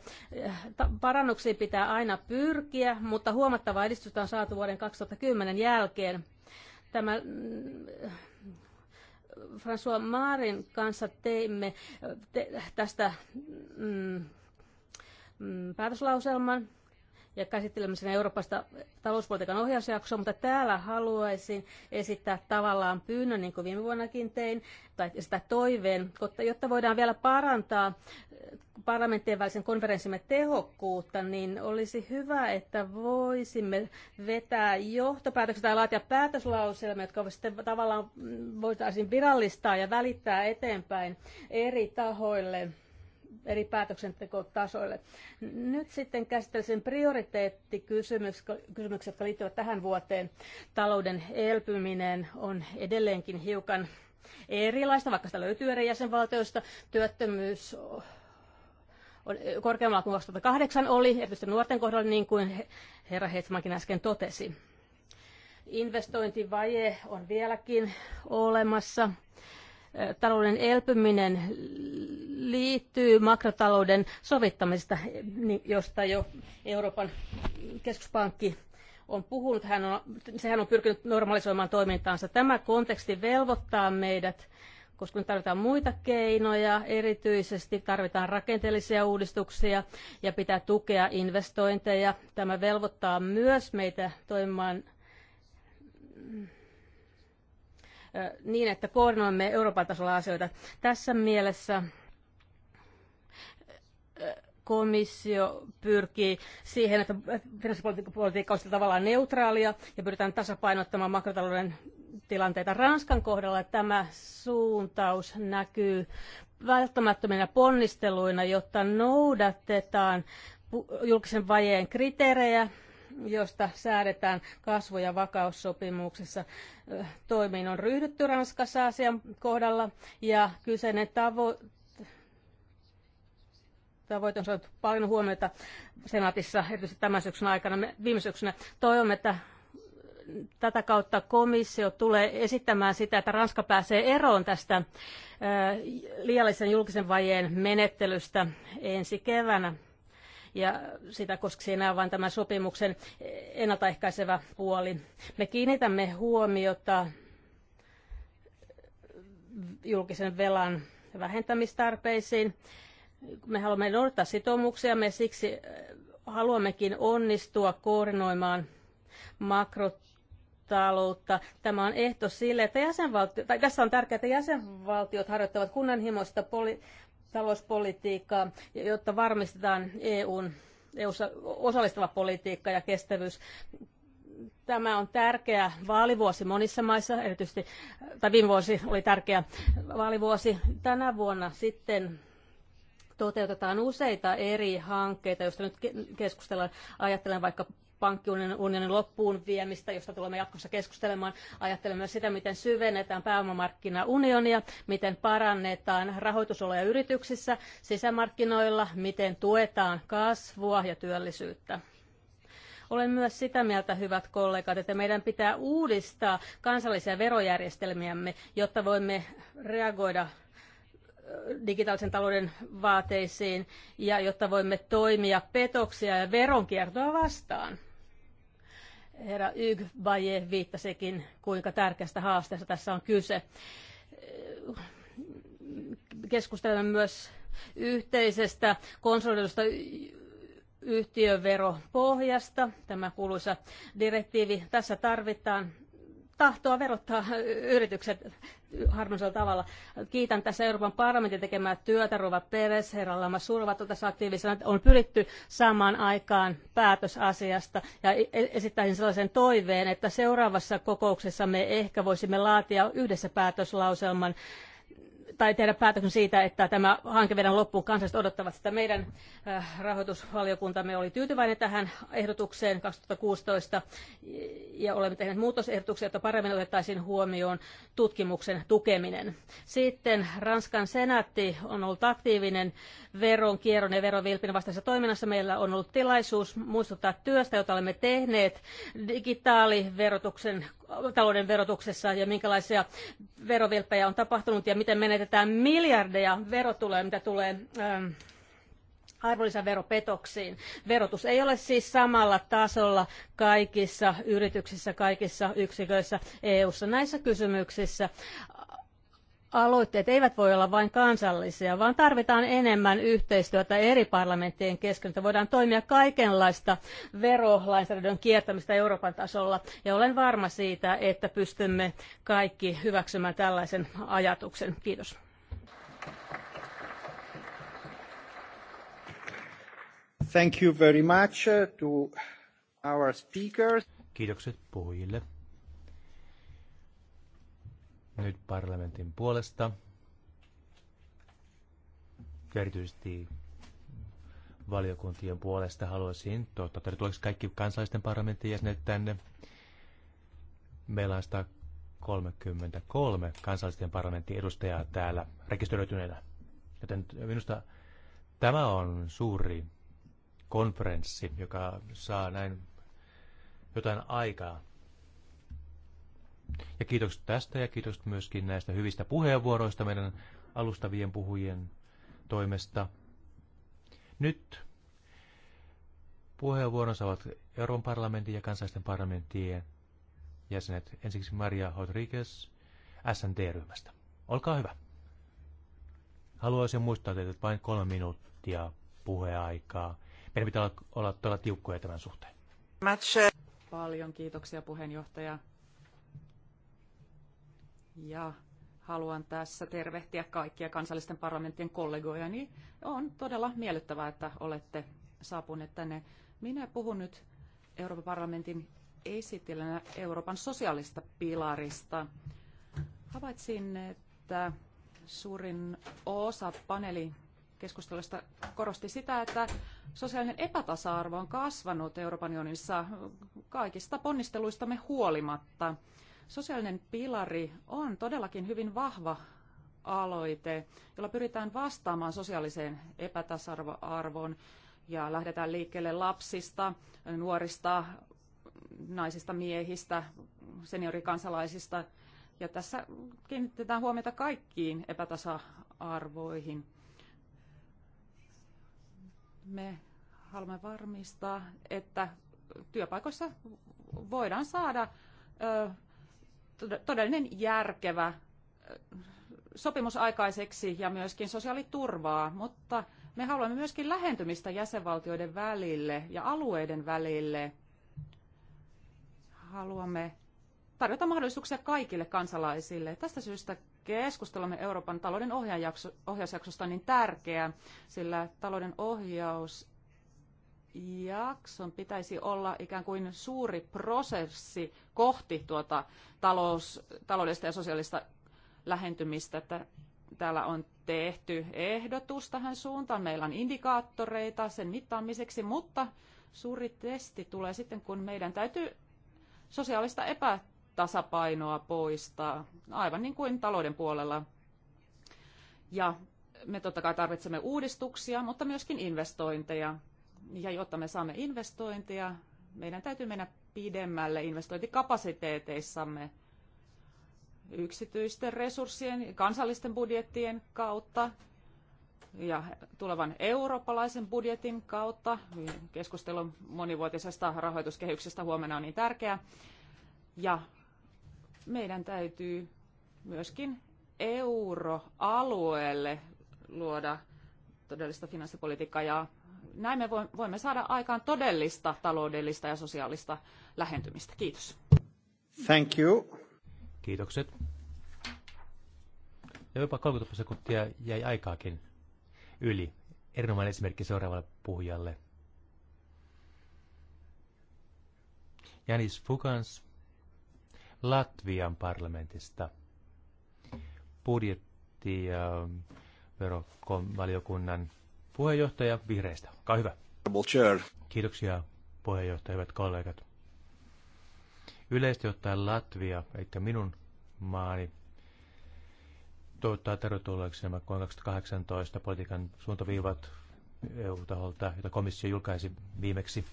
Speaker 2: Parannuksiin pitää aina pyrkiä, mutta huomattavaa edistystä on saatu vuoden 2010 jälkeen. Tämä mm, François Maarin kanssa teimme tästä mm, mm päätöslauselman ja käsittelemme sen Euroopasta talouspolitiikan ohjausjaksoa, mutta täällä haluaisin esittää tavallaan pyynnön, niin kuin viime vuonnakin tein, tai sitä toiveen, jotta voidaan vielä parantaa eh, parlamenttien välisen konferenssimme tehokkuutta, niin olisi hyvä, että voisimme vetää johtopäätöksiä tai laatia päätöslauselmia, jotka sitten tavallaan mm, voitaisiin virallistaa ja välittää eteenpäin eri tahoille eri päätöksentekotasoille. Nyt sitten käsittelisin prioriteettikysymyksiä, jotka liittyvät tähän vuoteen. Talouden elpyminen on edelleenkin hiukan erilaista, vaikka sitä löytyy eri jäsenvaltioista. Työttömyys on korkeammalla kuin 2008 oli, erityisesti nuorten kohdalla, niin kuin herra Heitsmankin äsken totesi. Investointivaje on vieläkin olemassa talouden elpyminen liittyy makrotalouden sovittamisesta, niin, josta jo Euroopan keskuspankki on puhunut. Hän on, sehän on pyrkinyt normalisoimaan toimintaansa. Tämä konteksti velvoittaa meidät koska me tarvitaan muita keinoja, erityisesti tarvitaan rakenteellisia uudistuksia ja pitää tukea investointeja. Tämä velvoittaa myös meitä toimimaan niin, että koordinoimme Euroopan tasolla asioita. Tässä mielessä komissio pyrkii siihen, että finanssipolitiikka olisi tavallaan neutraalia ja pyritään tasapainottamaan makrotalouden tilanteita. Ranskan kohdalla tämä suuntaus näkyy välttämättöminä ponnisteluina, jotta noudatetaan julkisen vajeen kriteerejä josta säädetään kasvu- ja vakaussopimuksessa. Toimiin on ryhdytty Ranskassa asian kohdalla ja kyseinen tavo- tavoite on saanut paljon huomiota senaatissa, erityisesti tämän syksyn aikana, me, viime syksynä. Toivomme, että tätä kautta komissio tulee esittämään sitä, että Ranska pääsee eroon tästä liiallisen julkisen vajeen menettelystä ensi keväänä ja sitä koska siinä on vain tämä sopimuksen ennaltaehkäisevä puoli. Me kiinnitämme huomiota julkisen velan vähentämistarpeisiin. Me haluamme noudattaa sitoumuksia, me siksi haluammekin onnistua koordinoimaan makro taloutta. Tämä on ehto sille, että jäsenvaltio, tai tässä on tärkeää, että jäsenvaltiot harjoittavat kunnanhimoista poli- talouspolitiikkaa, jotta varmistetaan EUn osallistava politiikka ja kestävyys. Tämä on tärkeä vaalivuosi monissa maissa, erityisesti, tai viime vuosi oli tärkeä vaalivuosi. Tänä vuonna sitten toteutetaan useita eri hankkeita, joista nyt keskustellaan. Ajattelen vaikka pankkiunionin loppuun viemistä, josta tulemme jatkossa keskustelemaan. Ajattelen myös sitä, miten syvennetään pääomamarkkinaunionia, miten parannetaan rahoitusoloja yrityksissä, sisämarkkinoilla, miten tuetaan kasvua ja työllisyyttä. Olen myös sitä mieltä, hyvät kollegat, että meidän pitää uudistaa kansallisia verojärjestelmiämme, jotta voimme reagoida digitaalisen talouden vaateisiin ja jotta voimme toimia petoksia ja veronkiertoa vastaan herra Ygbaye viittasikin, kuinka tärkeästä haasteesta tässä on kyse. Keskustelemme myös yhteisestä konsolidoidusta yhtiöveropohjasta, tämä kuuluisa direktiivi. Tässä tarvitaan tahtoa verottaa yritykset harmonisella tavalla. Kiitän tässä Euroopan parlamentin tekemää työtä. Rova Peres, herra Lama Surva, tässä tuota aktiivisena. On pyritty saamaan aikaan päätösasiasta ja e- e- esittäisin sellaisen toiveen, että seuraavassa kokouksessa me ehkä voisimme laatia yhdessä päätöslauselman tai tehdä päätöksen siitä, että tämä hanke vedän loppuun. kansalliset odottavat sitä. Meidän äh, rahoitusvaliokuntamme oli tyytyväinen tähän ehdotukseen 2016 ja olemme tehneet muutosehdotuksia, että paremmin otettaisiin huomioon tutkimuksen tukeminen. Sitten Ranskan senaatti on ollut aktiivinen kierron ja verovilpin vastaisessa toiminnassa. Meillä on ollut tilaisuus muistuttaa työstä, jota olemme tehneet digitaaliverotuksen talouden verotuksessa ja minkälaisia verovilppejä on tapahtunut ja miten menetetään miljardeja verotuloja, mitä tulee ähm, arvonlisäveropetoksiin. Verotus ei ole siis samalla tasolla kaikissa yrityksissä, kaikissa yksiköissä EU-ssa. Näissä kysymyksissä aloitteet eivät voi olla vain kansallisia, vaan tarvitaan enemmän yhteistyötä eri parlamenttien kesken, että voidaan toimia kaikenlaista verolainsäädännön kiertämistä Euroopan tasolla. Ja olen varma siitä, että pystymme kaikki hyväksymään tällaisen ajatuksen. Kiitos. Thank you very much uh, to
Speaker 3: our speakers. Kiitokset puhujille nyt parlamentin puolesta ja erityisesti valiokuntien puolesta haluaisin toivottaa tervetulleeksi kaikki kansallisten parlamentin jäsenet tänne. Meillä on 133 kansallisten parlamentin edustajaa täällä rekisteröityneenä. Joten minusta tämä on suuri konferenssi, joka saa näin jotain aikaa ja kiitos tästä ja kiitos myöskin näistä hyvistä puheenvuoroista meidän alustavien puhujien toimesta. Nyt puheenvuoron saavat Euroopan parlamentin ja kansallisten parlamenttien jäsenet. Ensiksi Maria Rodriguez SNT-ryhmästä. Olkaa hyvä. Haluaisin muistaa teitä, että vain kolme minuuttia puheaikaa. Meidän pitää olla, olla todella tiukkoja tämän suhteen.
Speaker 1: Paljon kiitoksia puheenjohtaja ja haluan tässä tervehtiä kaikkia kansallisten parlamenttien kollegoja, niin on todella miellyttävää, että olette saapuneet tänne. Minä puhun nyt Euroopan parlamentin esittelynä Euroopan sosiaalista pilarista. Havaitsin, että suurin osa paneli keskustelusta korosti sitä, että sosiaalinen epätasa-arvo on kasvanut Euroopan unionissa kaikista ponnisteluistamme huolimatta. Sosiaalinen pilari on todellakin hyvin vahva aloite, jolla pyritään vastaamaan sosiaaliseen epätasarvoarvoon ja lähdetään liikkeelle lapsista, nuorista, naisista, miehistä, seniorikansalaisista. Ja tässä kiinnitetään huomiota kaikkiin epätasa-arvoihin. Me haluamme varmistaa, että työpaikoissa voidaan saada todellinen järkevä sopimus aikaiseksi ja myöskin sosiaaliturvaa, mutta me haluamme myöskin lähentymistä jäsenvaltioiden välille ja alueiden välille. Haluamme tarjota mahdollisuuksia kaikille kansalaisille. Tästä syystä keskustelumme Euroopan talouden ohjausjaksosta on niin tärkeä, sillä talouden ohjaus jakson pitäisi olla ikään kuin suuri prosessi kohti tuota talous, taloudellista ja sosiaalista lähentymistä. Että täällä on tehty ehdotus tähän suuntaan. Meillä on indikaattoreita sen mittaamiseksi, mutta suuri testi tulee sitten, kun meidän täytyy sosiaalista epätasapainoa poistaa, aivan niin kuin talouden puolella. Ja me totta kai tarvitsemme uudistuksia, mutta myöskin investointeja ja jotta me saamme investointeja, meidän täytyy mennä pidemmälle investointikapasiteeteissamme yksityisten resurssien, kansallisten budjettien kautta ja tulevan eurooppalaisen budjetin kautta. Keskustelu monivuotisesta rahoituskehyksestä huomenna on niin tärkeä. Ja meidän täytyy myöskin euroalueelle luoda todellista finanssipolitiikkaa ja näin me voimme saada aikaan todellista taloudellista ja sosiaalista lähentymistä. Kiitos.
Speaker 3: Thank you. Kiitokset. Ja jopa 30 sekuntia jäi aikaakin yli. Erinomainen esimerkki seuraavalle puhujalle. Janis Fukans Latvian parlamentista budjetti- ja verovaliokunnan Puheenjohtaja vihreistä, olkaa hyvä. Kiitoksia puheenjohtaja, hyvät kollegat. Yleisesti ottaen Latvia, eli minun maani, toivottaa tervetulleeksi nämä 2018 politiikan suuntaviivat EU-taholta, jota komissio julkaisi viimeksi.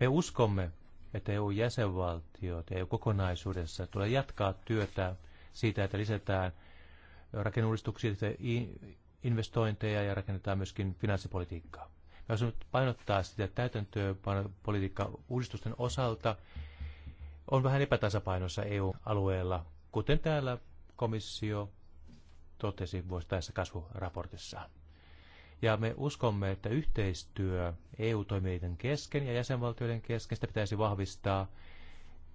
Speaker 3: Me uskomme, että EU-jäsenvaltiot ja EU-kokonaisuudessa tulee jatkaa työtä siitä, että lisätään rakennuudistuksia investointeja ja rakennetaan myöskin finanssipolitiikkaa. Me olisimme painottaa sitä täytäntöönpanopolitiikkaa uudistusten osalta on vähän epätasapainossa EU-alueella, kuten täällä komissio totesi vuosittaisessa kasvuraportissaan. Ja me uskomme, että yhteistyö EU-toimijoiden kesken ja jäsenvaltioiden kesken sitä pitäisi vahvistaa,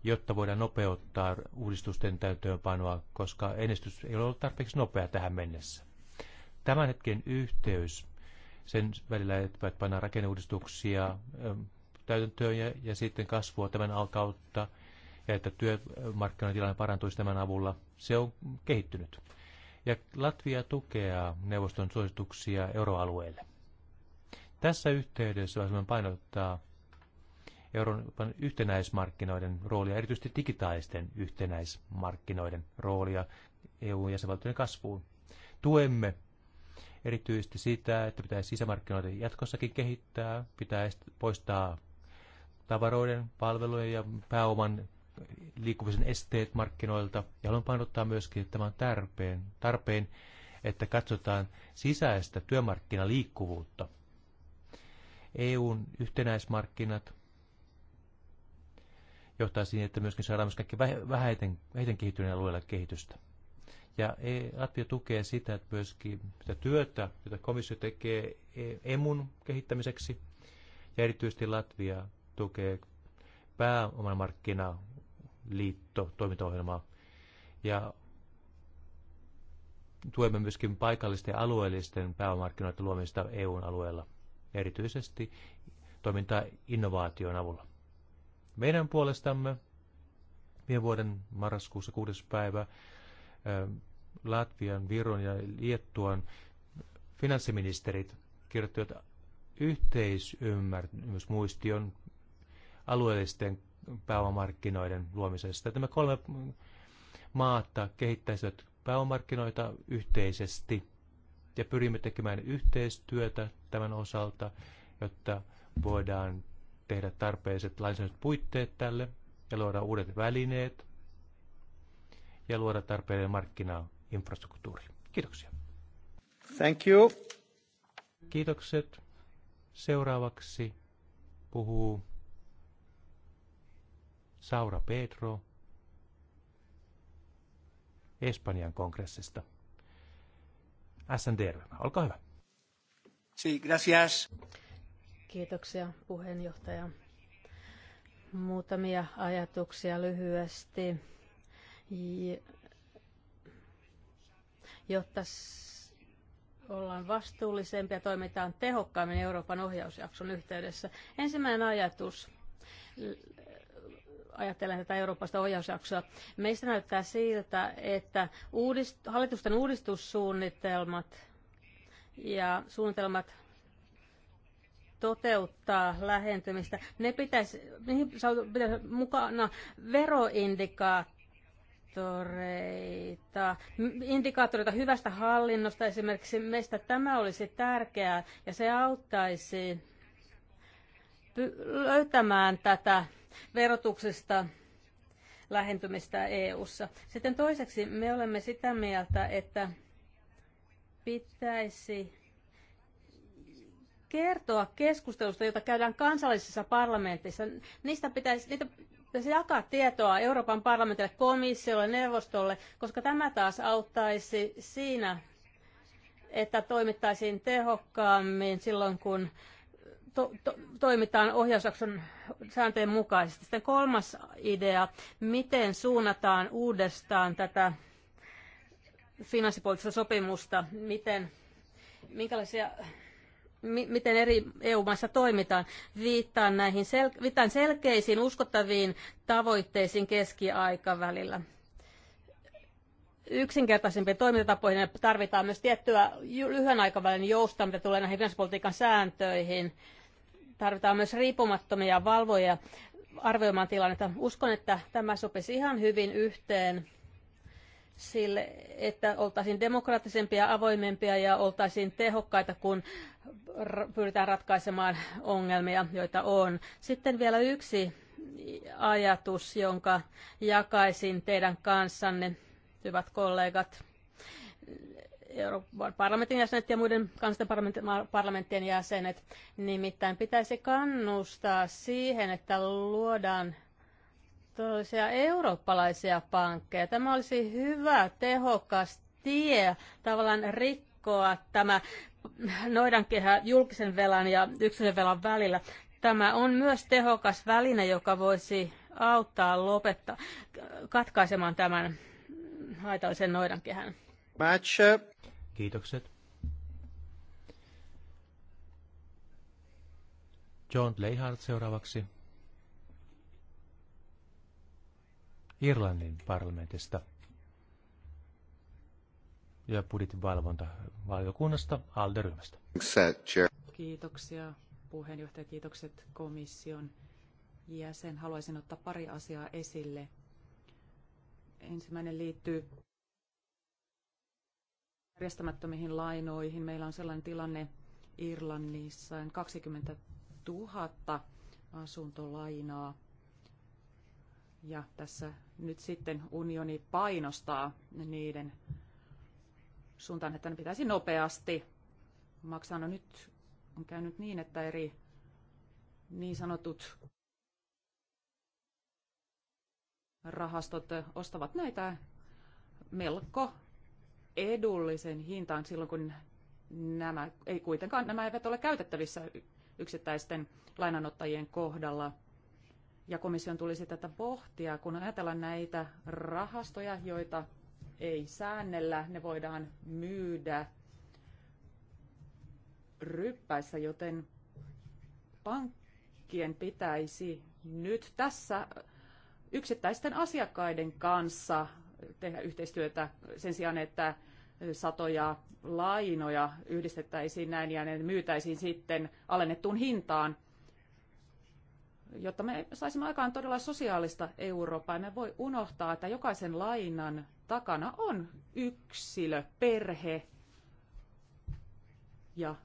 Speaker 3: jotta voidaan nopeuttaa uudistusten täytäntöönpanoa, koska ennistys ei ole ollut tarpeeksi nopea tähän mennessä tämän hetken yhteys sen välillä, että pannaan rakenneuudistuksia ähm, täytäntöön ja, ja sitten kasvua tämän kautta ja että työmarkkinatilanne parantuisi tämän avulla, se on kehittynyt. Ja Latvia tukee neuvoston suosituksia euroalueelle. Tässä yhteydessä voisimme painottaa Euroopan yhtenäismarkkinoiden roolia, erityisesti digitaalisten yhtenäismarkkinoiden roolia EU-jäsenvaltioiden kasvuun. Tuemme erityisesti sitä, että pitää sisämarkkinoita jatkossakin kehittää, pitää poistaa tavaroiden, palvelujen ja pääoman liikkumisen esteet markkinoilta. Ja haluan painottaa myöskin, että tämä on tarpeen, tarpeen että katsotaan sisäistä työmarkkinaliikkuvuutta. EUn yhtenäismarkkinat johtaa siihen, että myöskin saadaan myös kaikki vähiten, vähiten kehittyneillä alueilla kehitystä. Ja Latvia tukee sitä, että myöskin sitä työtä, jota komissio tekee emun kehittämiseksi, ja erityisesti Latvia tukee pääoman markkinaliitto toimintaohjelmaa. Ja tuemme myöskin paikallisten ja alueellisten pääomamarkkinoiden luomista EUn alueella, erityisesti toimintaa innovaation avulla. Meidän puolestamme viime vuoden marraskuussa 6. päivä Latvian, Viron ja Liettuan finanssiministerit kirjoittivat yhteisymmärrysmuistion alueellisten pääomamarkkinoiden luomisesta. Tämä kolme maata kehittäisivät pääomamarkkinoita yhteisesti ja pyrimme tekemään yhteistyötä tämän osalta, jotta voidaan tehdä tarpeiset lainsäädännöt puitteet tälle ja luoda uudet välineet ja luoda tarpeellinen markkina infrastruktuuri. Kiitoksia. Thank you. Kiitokset. Seuraavaksi puhuu Saura Pedro Espanjan kongressista. SNDR, olkaa hyvä. Sí, gracias.
Speaker 2: Kiitoksia puheenjohtaja. Muutamia ajatuksia lyhyesti jotta ollaan vastuullisempia ja toimitaan tehokkaammin Euroopan ohjausjakson yhteydessä. Ensimmäinen ajatus ajattelen tätä Euroopasta ohjausjaksoa. Meistä näyttää siltä, että uudist- hallitusten uudistussuunnitelmat ja suunnitelmat toteuttaa lähentymistä, ne pitäisi, niihin pitäisi mukana veroindikaattori, indikaattoreita, indikaattoreita hyvästä hallinnosta esimerkiksi. Meistä tämä olisi tärkeää ja se auttaisi löytämään tätä verotuksesta lähentymistä EU:ssa. Sitten toiseksi me olemme sitä mieltä, että pitäisi kertoa keskustelusta, jota käydään kansallisissa parlamentissa. Niistä pitäisi, niitä pitäisi jakaa tietoa Euroopan parlamentille, komissiolle, neuvostolle, koska tämä taas auttaisi siinä, että toimittaisiin tehokkaammin silloin, kun to, to, toimitaan ohjausjakson sääntöjen mukaisesti. Sitten kolmas idea, miten suunnataan uudestaan tätä finanssipoliittista sopimusta, miten, minkälaisia miten eri EU-maissa toimitaan. Viittaan näihin sel- viittaan selkeisiin, uskottaviin tavoitteisiin keskiaikavälillä yksinkertaisempiin toimintatapoihin tarvitaan myös tiettyä lyhyen aikavälin jousta, mitä tulee näihin finanssipolitiikan sääntöihin. Tarvitaan myös riippumattomia valvoja arvioimaan tilannetta. Uskon, että tämä sopisi ihan hyvin yhteen sille, että oltaisiin demokraattisempia, avoimempia ja oltaisiin tehokkaita, kun pyritään ratkaisemaan ongelmia, joita on. Sitten vielä yksi ajatus, jonka jakaisin teidän kanssanne, hyvät kollegat, Euroopan parlamentin jäsenet ja muiden kansallisten parlamenttien jäsenet. Nimittäin pitäisi kannustaa siihen, että luodaan tuollaisia eurooppalaisia pankkeja. Tämä olisi hyvä, tehokas tie tavallaan rikkoa tämä noidankehä julkisen velan ja yksilön velan välillä. Tämä on myös tehokas väline, joka voisi auttaa lopettaa, katkaisemaan tämän haitallisen noidankehän.
Speaker 3: Match. Kiitokset. John Leihard seuraavaksi. Irlannin parlamentista ja budjetinvalvontavaliokunnasta valiokunnasta, ryhmästä
Speaker 1: Kiitoksia puheenjohtaja, kiitokset komission jäsen. Haluaisin ottaa pari asiaa esille. Ensimmäinen liittyy järjestämättömiin lainoihin. Meillä on sellainen tilanne Irlannissa, 20 000 asuntolainaa ja tässä nyt sitten unioni painostaa niiden suuntaan, että ne pitäisi nopeasti maksaa. No nyt on käynyt niin, että eri niin sanotut rahastot ostavat näitä melko edullisen hintaan silloin, kun nämä ei kuitenkaan nämä eivät ole käytettävissä yksittäisten lainanottajien kohdalla – ja komission tulisi tätä pohtia, kun ajatellaan näitä rahastoja, joita ei säännellä, ne voidaan myydä ryppäissä, joten pankkien pitäisi nyt tässä yksittäisten asiakkaiden kanssa tehdä yhteistyötä sen sijaan, että satoja lainoja yhdistettäisiin näin ja ne myytäisiin sitten alennettuun hintaan – jotta me saisimme aikaan todella sosiaalista Eurooppaa. Me voi unohtaa, että jokaisen lainan takana on yksilö, perhe ja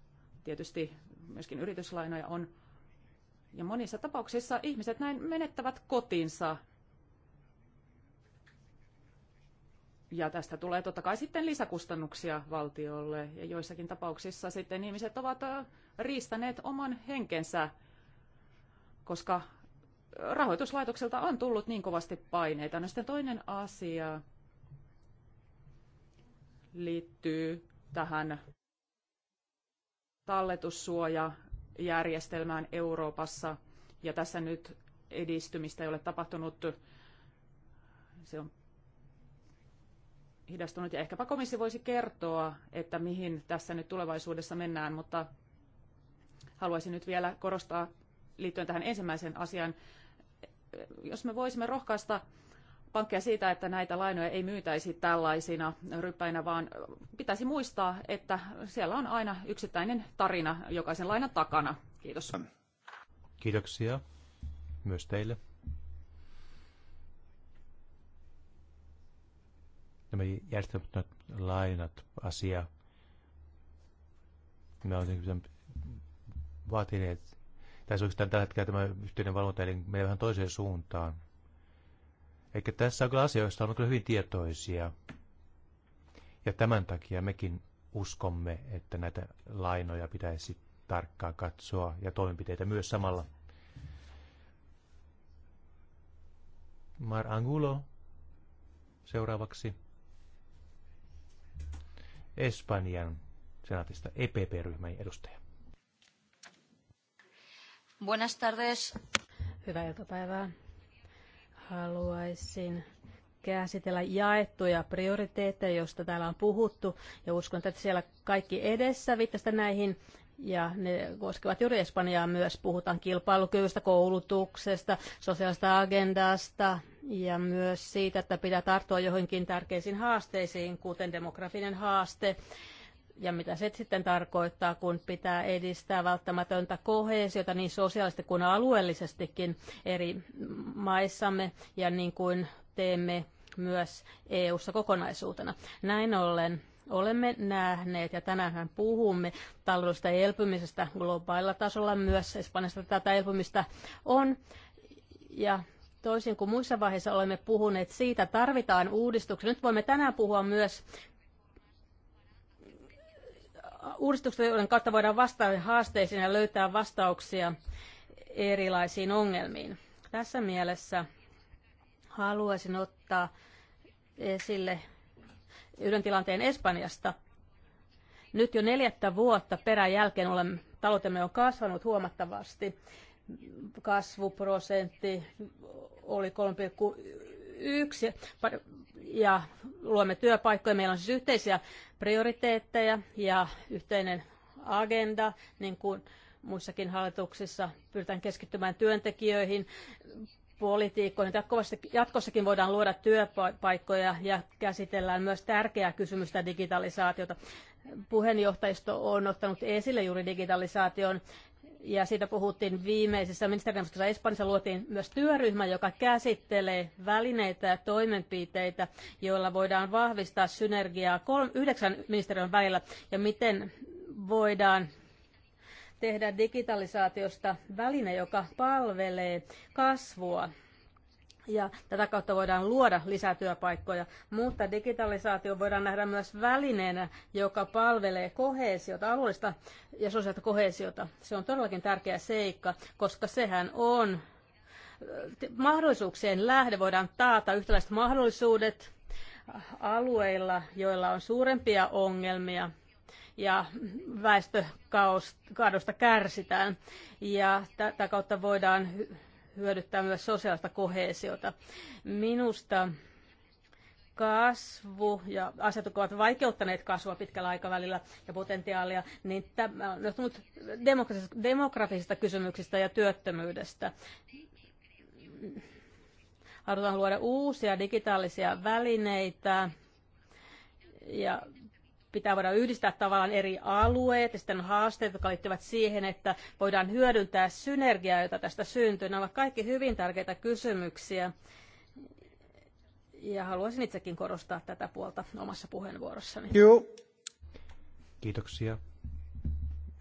Speaker 1: tietysti myöskin yrityslainoja on. Ja monissa tapauksissa ihmiset näin menettävät kotinsa. Ja tästä tulee totta kai sitten lisäkustannuksia valtiolle. Ja joissakin tapauksissa sitten ihmiset ovat riistäneet oman henkensä koska rahoituslaitokselta on tullut niin kovasti paineita. No sitten toinen asia liittyy tähän talletussuojajärjestelmään Euroopassa. Ja tässä nyt edistymistä ei ole tapahtunut. Se on hidastunut ja ehkäpä komissio voisi kertoa, että mihin tässä nyt tulevaisuudessa mennään, mutta haluaisin nyt vielä korostaa liittyen tähän ensimmäiseen asiaan, jos me voisimme rohkaista pankkeja siitä, että näitä lainoja ei myytäisi tällaisina ryppäinä, vaan pitäisi muistaa, että siellä on aina yksittäinen tarina jokaisen lainan takana. Kiitos.
Speaker 3: Kiitoksia myös teille. Nämä järjestelmät lainat asia. Me olemme vaatineet tässä oikeastaan tällä hetkellä tämä yhteinen valvonta, eli menee vähän toiseen suuntaan. Eli tässä on kyllä asioista, on kyllä hyvin tietoisia. Ja tämän takia mekin uskomme, että näitä lainoja pitäisi tarkkaan katsoa ja toimenpiteitä myös samalla. Mar Angulo seuraavaksi. Espanjan senaatista EPP-ryhmän edustaja.
Speaker 2: Buenas tardes. Hyvää iltapäivää. Haluaisin käsitellä jaettuja prioriteetteja, joista täällä on puhuttu, ja uskon, että siellä kaikki edessä viittasta näihin, ja ne koskevat juuri Espanjaa myös. Puhutaan kilpailukyvystä, koulutuksesta, sosiaalista agendasta ja myös siitä, että pitää tarttua johonkin tärkeisiin haasteisiin, kuten demografinen haaste ja mitä se sitten tarkoittaa, kun pitää edistää välttämätöntä kohesiota niin sosiaalisesti kuin alueellisestikin eri maissamme ja niin kuin teemme myös EU-ssa kokonaisuutena. Näin ollen olemme nähneet ja tänään puhumme taloudellisesta elpymisestä globaalilla tasolla myös Espanjasta tätä elpymistä on. Ja toisin kuin muissa vaiheissa olemme puhuneet siitä, tarvitaan uudistuksia. Nyt voimme tänään puhua myös uudistukset, joiden kautta voidaan vastata haasteisiin ja löytää vastauksia erilaisiin ongelmiin. Tässä mielessä haluaisin ottaa esille yhden tilanteen Espanjasta. Nyt jo neljättä vuotta peräjälkeen olemme, taloutemme on kasvanut huomattavasti. Kasvuprosentti oli 3,1 yksi ja luomme työpaikkoja. Meillä on siis yhteisiä prioriteetteja ja yhteinen agenda, niin kuin muissakin hallituksissa pyritään keskittymään työntekijöihin, politiikkoihin. Jatkossakin voidaan luoda työpaikkoja ja käsitellään myös tärkeää kysymystä digitalisaatiota. Puheenjohtajisto on ottanut esille juuri digitalisaation ja siitä puhuttiin viimeisessä ministerineuvostossa Espanjassa, luotiin myös työryhmä, joka käsittelee välineitä ja toimenpiteitä, joilla voidaan vahvistaa synergiaa kolme, yhdeksän ministeriön välillä ja miten voidaan tehdä digitalisaatiosta väline, joka palvelee kasvua ja tätä kautta voidaan luoda lisää työpaikkoja, mutta digitalisaatio voidaan nähdä myös välineenä, joka palvelee kohesiota, alueellista ja sosiaalista kohesiota. Se on todellakin tärkeä seikka, koska sehän on mahdollisuuksien lähde, voidaan taata yhtäläiset mahdollisuudet alueilla, joilla on suurempia ongelmia ja väestökaadosta kärsitään. Ja tätä kautta voidaan hyödyttää myös sosiaalista kohesiota. Minusta kasvu ja asetukset ovat vaikeuttaneet kasvua pitkällä aikavälillä ja potentiaalia, niin tämä on johtunut demografisista kysymyksistä ja työttömyydestä. Halutaan luoda uusia digitaalisia välineitä ja pitää voida yhdistää tavallaan eri alueet ja sitten haasteet, jotka liittyvät siihen, että voidaan hyödyntää synergiaa, jota tästä syntyy. Nämä ovat kaikki hyvin tärkeitä kysymyksiä. Ja haluaisin itsekin korostaa tätä puolta omassa puheenvuorossani. Joo.
Speaker 3: Kiitoksia.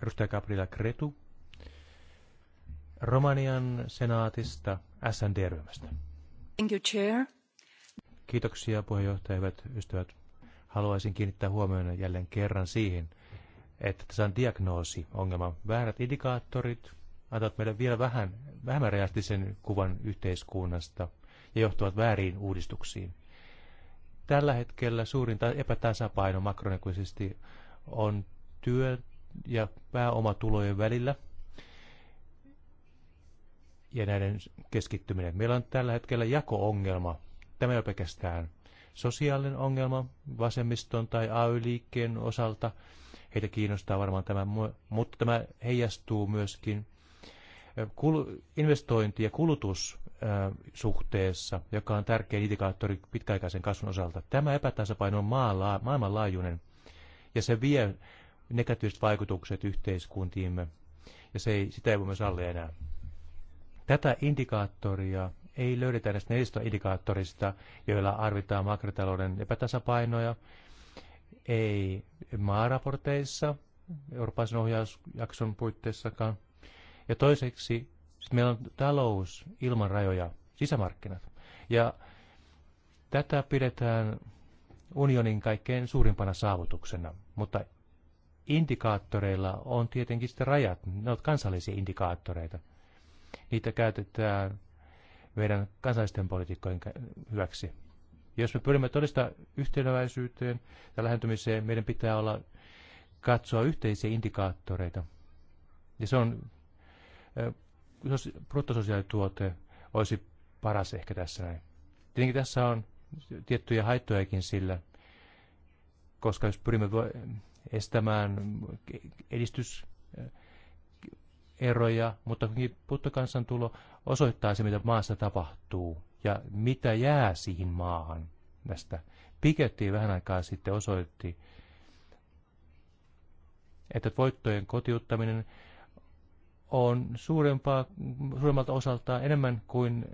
Speaker 3: Edustaja Gabriela Kretu, Romanian senaatista SND-ryhmästä.
Speaker 1: Thank you, Chair.
Speaker 3: Kiitoksia puheenjohtaja, hyvät ystävät haluaisin kiinnittää huomioon jälleen kerran siihen, että tässä on diagnoosi ongelma. Väärät indikaattorit antavat meille vielä vähän vähemmän realistisen kuvan yhteiskunnasta ja johtuvat väärin uudistuksiin. Tällä hetkellä suurin epätasapaino makronäköisesti on työ- ja pääomatulojen välillä ja näiden keskittyminen. Meillä on tällä hetkellä jako-ongelma. Tämä ei ole pelkästään sosiaalinen ongelma vasemmiston tai AY-liikkeen osalta. Heitä kiinnostaa varmaan tämä, mutta tämä heijastuu myöskin investointi- ja kulutussuhteessa, joka on tärkeä indikaattori pitkäaikaisen kasvun osalta. Tämä epätasapaino on maailmanlaajuinen ja se vie negatiiviset vaikutukset yhteiskuntiimme ja se ei, sitä ei myös alle enää. Tätä indikaattoria ei löydetä näistä neljästä indikaattorista, joilla arvitaan makrotalouden epätasapainoja, ei maaraporteissa, Euroopan ohjausjakson puitteissakaan. Ja toiseksi, meillä on talous ilman rajoja, sisämarkkinat. Ja tätä pidetään unionin kaikkein suurimpana saavutuksena, mutta indikaattoreilla on tietenkin sitten rajat, ne ovat kansallisia indikaattoreita. Niitä käytetään meidän kansallisten poliitikkojen hyväksi. Jos me pyrimme todista yhteneväisyyteen ja lähentymiseen, meidän pitää olla katsoa yhteisiä indikaattoreita. Ja se on, jos bruttososiaalituote olisi paras ehkä tässä näin. Tietenkin tässä on tiettyjä haittojakin sillä, koska jos pyrimme estämään edistyseroja, mutta puuttokansantulo osoittaa se, mitä maassa tapahtuu ja mitä jää siihen maahan tästä. Piketti vähän aikaa sitten osoitti, että voittojen kotiuttaminen on suurempaa, suuremmalta osaltaan enemmän kuin,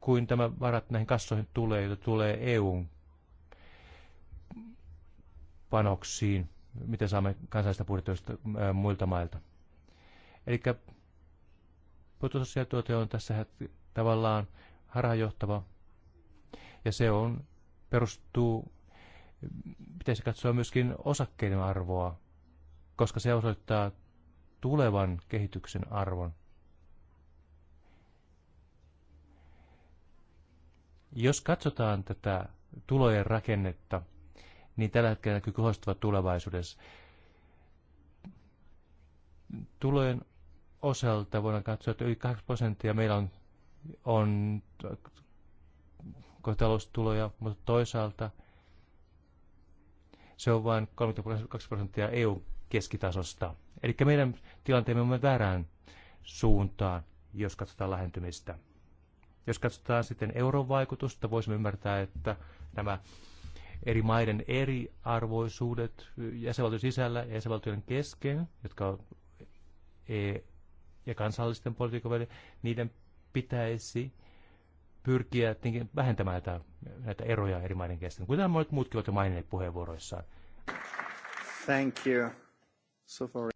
Speaker 3: kuin tämä varat näihin kassoihin tulee, joita tulee EUn panoksiin, mitä saamme kansallista budjetista muilta mailta. Eli Brutososiaalituote on tässä tavallaan harhajohtava. ja se on, perustuu, pitäisi katsoa myöskin osakkeiden arvoa, koska se osoittaa tulevan kehityksen arvon. Jos katsotaan tätä tulojen rakennetta, niin tällä hetkellä näkyy kohostava tulevaisuudessa. Tulojen osalta voidaan katsoa, että yli 8 prosenttia meillä on, on kotitaloustuloja, mutta toisaalta se on vain 32 prosenttia EU-keskitasosta. Eli meidän tilanteemme on väärään suuntaan, jos katsotaan lähentymistä. Jos katsotaan sitten euron vaikutusta, voisimme ymmärtää, että nämä eri maiden eriarvoisuudet jäsenvaltion sisällä ja jäsenvaltioiden kesken, jotka e ja kansallisten poliitikon välillä, niiden pitäisi pyrkiä vähentämään näitä, näitä eroja eri maiden kesken, kuten monet muutkin olette maininneet puheenvuoroissaan. Thank you. So for...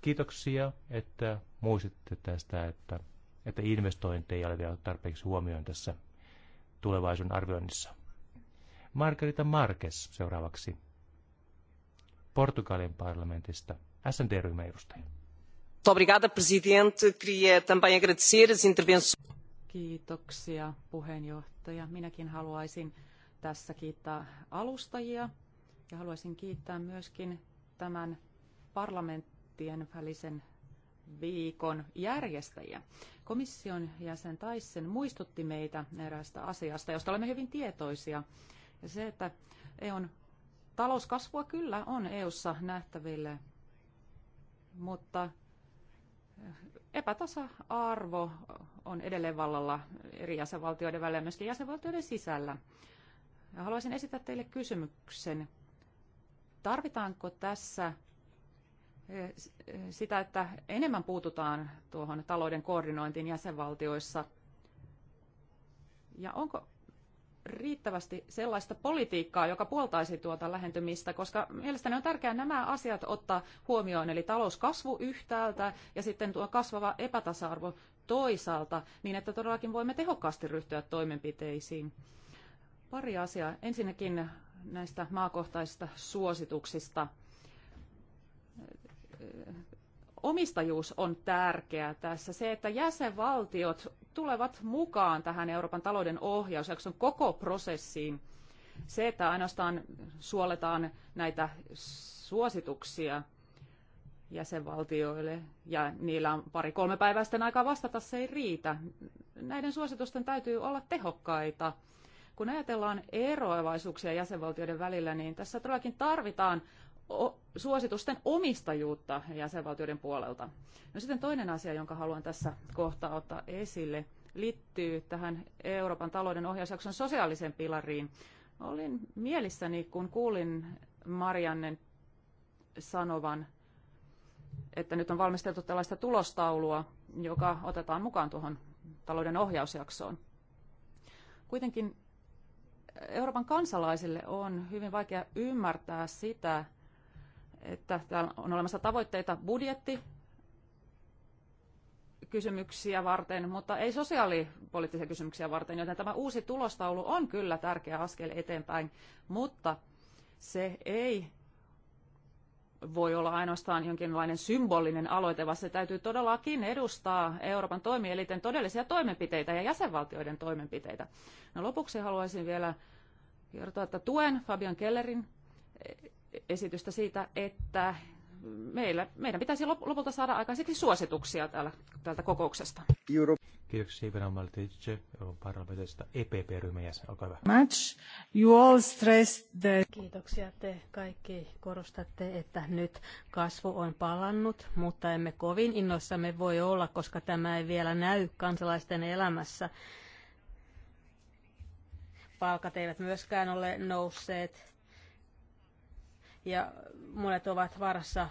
Speaker 3: Kiitoksia, että muistitte tästä, että, että investointeja ei ole vielä tarpeeksi huomioon tässä tulevaisuuden arvioinnissa. Margarita Marques seuraavaksi Portugalin parlamentista, SNT-ryhmän edustaja.
Speaker 1: Obrigada, presidente. Queria também agradecer as intervenções. Kiitoksia, puheenjohtaja. Minäkin haluaisin tässä kiittää alustajia ja haluaisin kiittää myöskin tämän parlamenttien välisen viikon järjestäjiä. Komission jäsen Taissen muistutti meitä eräästä asiasta, josta olemme hyvin tietoisia. Ja se, että EUn talouskasvua kyllä on EUssa nähtäville, mutta epätasa-arvo on edelleen vallalla eri jäsenvaltioiden välillä ja myöskin jäsenvaltioiden sisällä. Ja haluaisin esittää teille kysymyksen. Tarvitaanko tässä eh, sitä, että enemmän puututaan tuohon talouden koordinointiin jäsenvaltioissa? Ja onko riittävästi sellaista politiikkaa, joka puoltaisi tuota lähentymistä, koska mielestäni on tärkeää nämä asiat ottaa huomioon, eli talouskasvu yhtäältä ja sitten tuo kasvava epätasa-arvo toisaalta, niin että todellakin voimme tehokkaasti ryhtyä toimenpiteisiin. Pari asiaa. Ensinnäkin näistä maakohtaisista suosituksista. Omistajuus on tärkeää tässä. Se, että jäsenvaltiot tulevat mukaan tähän Euroopan talouden ohjausjakson koko prosessiin. Se, että ainoastaan suoletaan näitä suosituksia jäsenvaltioille ja niillä on pari-kolme päivää sitten aikaa vastata, se ei riitä. Näiden suositusten täytyy olla tehokkaita. Kun ajatellaan eroavaisuuksia jäsenvaltioiden välillä, niin tässä todellakin tarvitaan suositusten omistajuutta jäsenvaltioiden puolelta. No sitten toinen asia, jonka haluan tässä kohtaa ottaa esille, liittyy tähän Euroopan talouden ohjausjakson sosiaaliseen pilariin. Olin mielissäni, kun kuulin Mariannen sanovan, että nyt on valmisteltu tällaista tulostaulua, joka otetaan mukaan tuohon talouden ohjausjaksoon. Kuitenkin Euroopan kansalaisille on hyvin vaikea ymmärtää sitä, että täällä on olemassa tavoitteita budjetti kysymyksiä varten, mutta ei sosiaalipoliittisia kysymyksiä varten, joten tämä uusi tulostaulu on kyllä tärkeä askel eteenpäin, mutta se ei voi olla ainoastaan jonkinlainen symbolinen aloite, vaan se täytyy todellakin edustaa Euroopan toimielinten todellisia toimenpiteitä ja jäsenvaltioiden toimenpiteitä. No lopuksi haluaisin vielä kertoa, että tuen Fabian Kellerin esitystä siitä, että meillä, meidän pitäisi lopulta saada aikaiseksi suosituksia täällä, tältä kokouksesta.
Speaker 3: Europe. Kiitoksia Ivana Maltice, Euroopan parlamentista EPP-ryhmän jäsen. Olkaa hyvä. Match. You all
Speaker 2: the... Kiitoksia te kaikki. Korostatte, että nyt kasvu on palannut, mutta emme kovin innoissamme voi olla, koska tämä ei vielä näy kansalaisten elämässä. Palkat eivät myöskään ole nousseet ja monet ovat varassa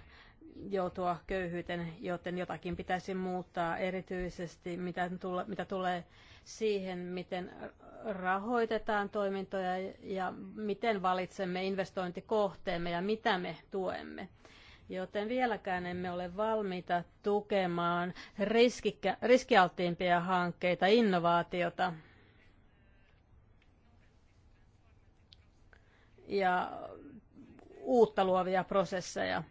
Speaker 2: joutua köyhyyteen, joten jotakin pitäisi muuttaa erityisesti, mitä, tule, mitä tulee siihen, miten rahoitetaan toimintoja ja miten valitsemme investointikohteemme ja mitä me tuemme. Joten vieläkään emme ole valmiita tukemaan riskikä, riskialttiimpia hankkeita, innovaatiota. Ja uutta luovia prosesseja.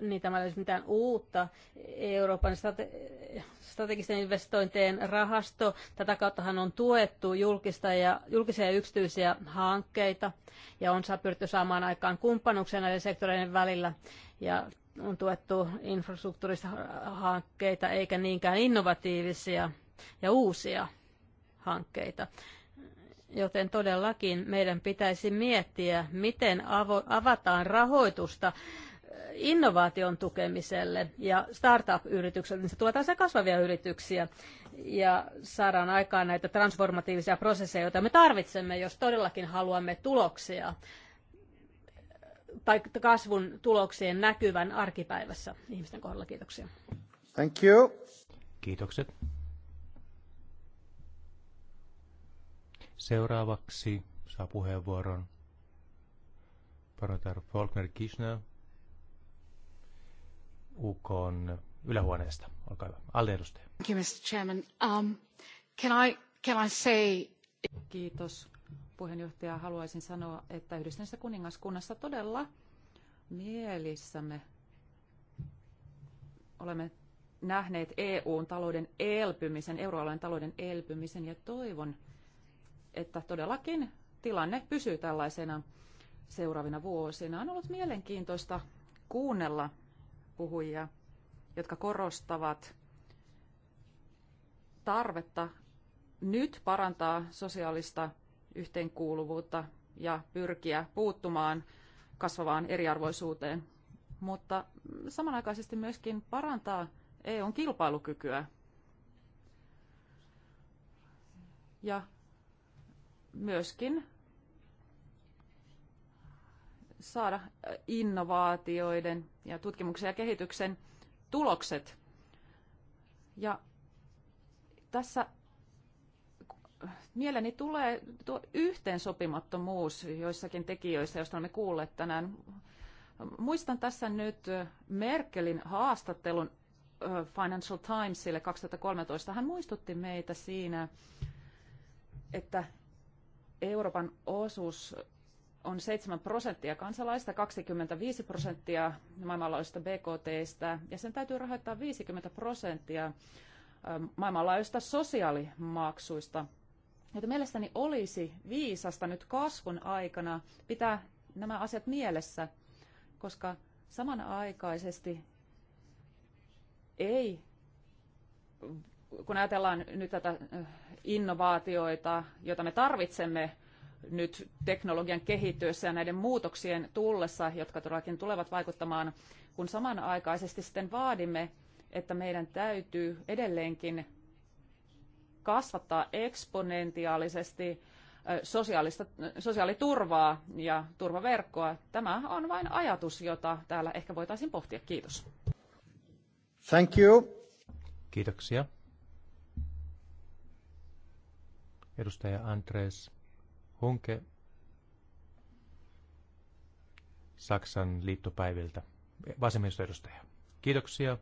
Speaker 2: Niin tämä ei mitään uutta. Euroopan strate- strategisten investointien rahasto, tätä kauttahan on tuettu julkista ja, julkisia ja yksityisiä hankkeita ja on saa pyritty saamaan aikaan kumppanuuksia näiden sektoreiden välillä. Ja on tuettu infrastruktuurista hankkeita eikä niinkään innovatiivisia ja uusia hankkeita. Joten todellakin meidän pitäisi miettiä, miten avataan rahoitusta eh, innovaation tukemiselle ja startup-yritykselle, niin se kasvavia yrityksiä ja saadaan aikaan näitä transformatiivisia prosesseja, joita me tarvitsemme, jos todellakin haluamme tuloksia tai kasvun tuloksien näkyvän arkipäivässä ihmisten kohdalla. Kiitoksia.
Speaker 3: Thank you. Kiitokset. Seuraavaksi saa puheenvuoron Parantar Faulkner Kishner UK ylähuoneesta. Olkaa hyvä. Alde edustaja. Thank you, Mr.
Speaker 1: Chairman. Um, can I, can I say... Kiitos puheenjohtaja. Haluaisin sanoa, että Yhdistyneessä kuningaskunnassa todella mielissämme olemme nähneet EUn talouden elpymisen, euroalueen talouden elpymisen ja toivon, että todellakin tilanne pysyy tällaisena seuraavina vuosina. On ollut mielenkiintoista kuunnella puhujia, jotka korostavat tarvetta nyt parantaa sosiaalista yhteenkuuluvuutta ja pyrkiä puuttumaan kasvavaan eriarvoisuuteen, mutta samanaikaisesti myöskin parantaa EUn kilpailukykyä ja myöskin saada innovaatioiden ja tutkimuksen ja kehityksen tulokset. Ja tässä mieleni tulee tuo yhteensopimattomuus joissakin tekijöissä, joista olemme kuulleet tänään. Muistan tässä nyt Merkelin haastattelun Financial Timesille 2013. Hän muistutti meitä siinä, että Euroopan osuus on 7 prosenttia kansalaista, 25 prosenttia maailmanlaajuisesta BKTstä, ja sen täytyy rahoittaa 50 prosenttia ähm, maailmanlaajuisista sosiaalimaksuista. Joten mielestäni olisi viisasta nyt kasvun aikana pitää nämä asiat mielessä, koska samanaikaisesti ei kun ajatellaan nyt tätä innovaatioita, joita me tarvitsemme nyt teknologian kehittyessä ja näiden muutoksien tullessa, jotka todellakin tulevat vaikuttamaan, kun samanaikaisesti sitten vaadimme, että meidän täytyy edelleenkin kasvattaa eksponentiaalisesti sosiaalista, sosiaaliturvaa ja turvaverkkoa. Tämä on vain ajatus, jota täällä ehkä voitaisiin pohtia. Kiitos.
Speaker 3: Thank you. Kiitoksia. Edustaja Andres Hunke Saksan liittopäiviltä, vasemmistoedustaja. Kiitoksia,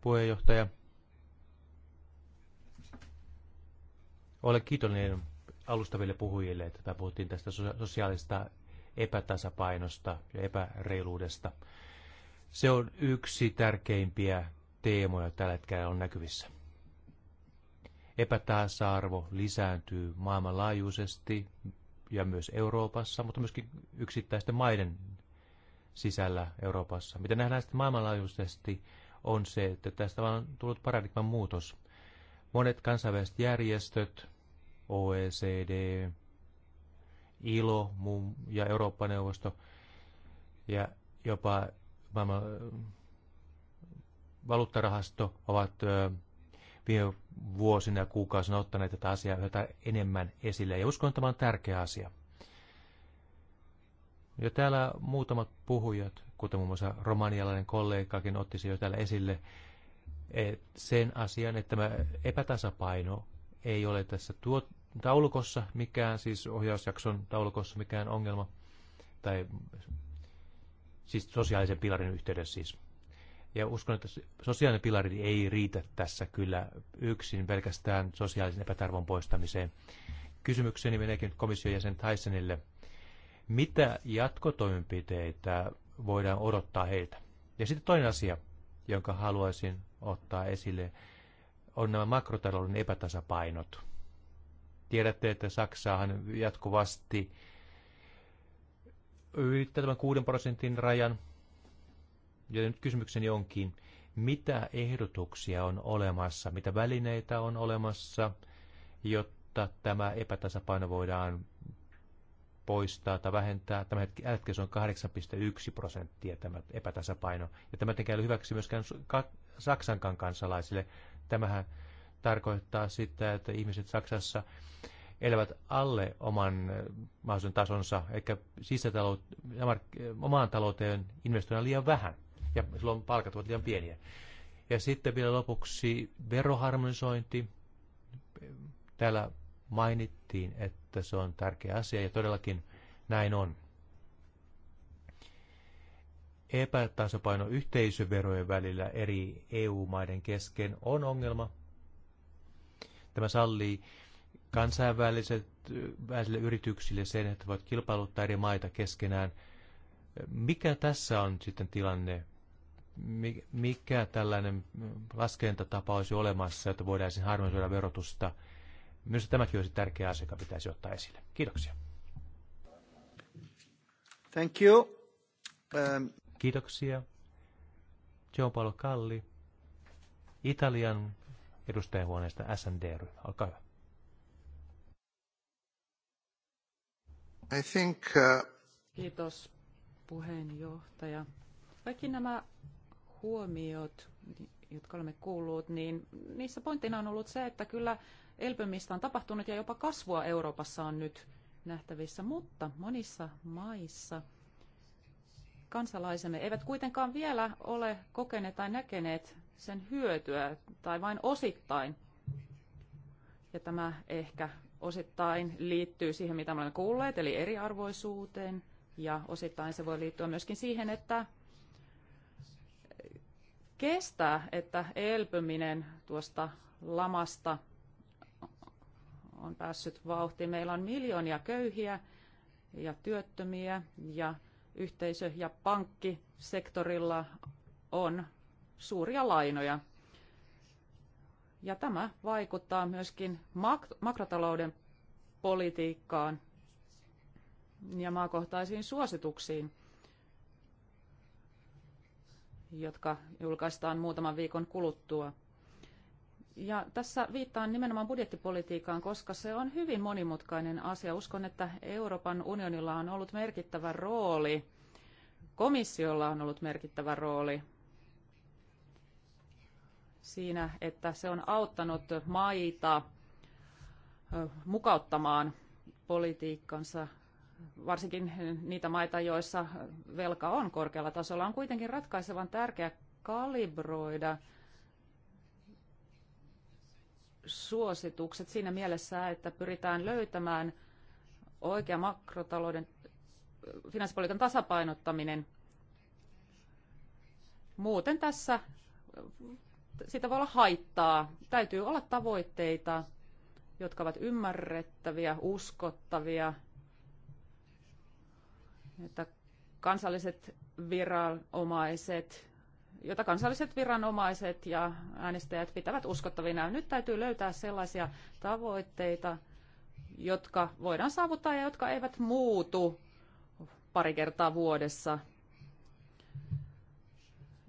Speaker 3: puheenjohtaja. Olen kiitollinen alustaville puhujille, että tämä puhuttiin tästä sosiaalista epätasapainosta ja epäreiluudesta. Se on yksi tärkeimpiä teemoja tällä hetkellä on näkyvissä epätasa-arvo lisääntyy maailmanlaajuisesti ja myös Euroopassa, mutta myöskin yksittäisten maiden sisällä Euroopassa. Mitä nähdään sitten maailmanlaajuisesti on se, että tästä on tullut paradigman muutos. Monet kansainväliset järjestöt, OECD, ILO ja Eurooppa-neuvosto ja jopa maailman äh, valuuttarahasto ovat äh, viime vuosina ja kuukausina ottaneet tätä asiaa yhä enemmän esille. Ja uskon, että tämä on tärkeä asia. Ja täällä muutamat puhujat, kuten muun muassa romanialainen kollegakin otti se jo täällä esille, e, sen asian, että tämä epätasapaino ei ole tässä tuo taulukossa mikään, siis ohjausjakson taulukossa mikään ongelma, tai siis sosiaalisen pilarin yhteydessä siis. Ja uskon, että sosiaalinen pilari ei riitä tässä kyllä yksin pelkästään sosiaalisen epätarvon poistamiseen. Kysymykseni meneekin nyt komission jäsen Tysonille. Mitä jatkotoimenpiteitä voidaan odottaa heiltä? Ja sitten toinen asia, jonka haluaisin ottaa esille, on nämä makrotalouden epätasapainot. Tiedätte, että Saksaahan jatkuvasti ylittää tämän 6 prosentin rajan, Joten nyt kysymykseni onkin, mitä ehdotuksia on olemassa, mitä välineitä on olemassa, jotta tämä epätasapaino voidaan poistaa tai vähentää. Tämä hetki se on 8,1 prosenttia tämä epätasapaino. Ja tämä tekee hyväksi myöskään Saksankan kansalaisille. Tämähän tarkoittaa sitä, että ihmiset Saksassa elävät alle oman eh, mahdollisen tasonsa, eikä sisätalout, eh, omaan talouteen investoidaan liian vähän ja silloin palkat ovat liian pieniä. Ja sitten vielä lopuksi veroharmonisointi. Täällä mainittiin, että se on tärkeä asia ja todellakin näin on. Epätasapaino yhteisöverojen välillä eri EU-maiden kesken on ongelma. Tämä sallii kansainvälisille yrityksille sen, että voit kilpailuttaa eri maita keskenään. Mikä tässä on sitten tilanne mikä tällainen laskentatapa olisi olemassa, että voidaan sen harmonisoida verotusta. Myös tämäkin olisi tärkeä asia, joka pitäisi ottaa esille. Kiitoksia. Thank you. Um... Kiitoksia. Paolo Kalli, Italian edustajahuoneesta SND-ryhmä. Olkaa hyvä. I think, uh...
Speaker 1: Kiitos puheenjohtaja. Kaikki nämä huomiot, jotka olemme kuulleet, niin niissä pointtina on ollut se, että kyllä elpymistä on tapahtunut ja jopa kasvua Euroopassa on nyt nähtävissä, mutta monissa maissa kansalaisemme eivät kuitenkaan vielä ole kokeneet tai näkeneet sen hyötyä tai vain osittain. Ja tämä ehkä osittain liittyy siihen, mitä olemme kuulleet, eli eriarvoisuuteen, ja osittain se voi liittyä myöskin siihen, että kestää, että elpyminen tuosta lamasta on päässyt vauhtiin. Meillä on miljoonia köyhiä ja työttömiä ja yhteisö- ja pankkisektorilla on suuria lainoja. Ja tämä vaikuttaa myöskin mak- makrotalouden politiikkaan ja maakohtaisiin suosituksiin jotka julkaistaan muutaman viikon kuluttua. Ja tässä viittaan nimenomaan budjettipolitiikkaan, koska se on hyvin monimutkainen asia. Uskon, että Euroopan unionilla on ollut merkittävä rooli, komissiolla on ollut merkittävä rooli siinä, että se on auttanut maita mukauttamaan politiikkansa varsinkin niitä maita, joissa velka on korkealla tasolla, on kuitenkin ratkaisevan tärkeää kalibroida suositukset siinä mielessä, että pyritään löytämään oikea makrotalouden finanssipolitiikan tasapainottaminen. Muuten tässä sitä voi olla haittaa. Täytyy olla tavoitteita, jotka ovat ymmärrettäviä, uskottavia – että kansalliset viranomaiset jota kansalliset viranomaiset ja äänestäjät pitävät uskottavina. Nyt täytyy löytää sellaisia tavoitteita, jotka voidaan saavuttaa ja jotka eivät muutu pari kertaa vuodessa.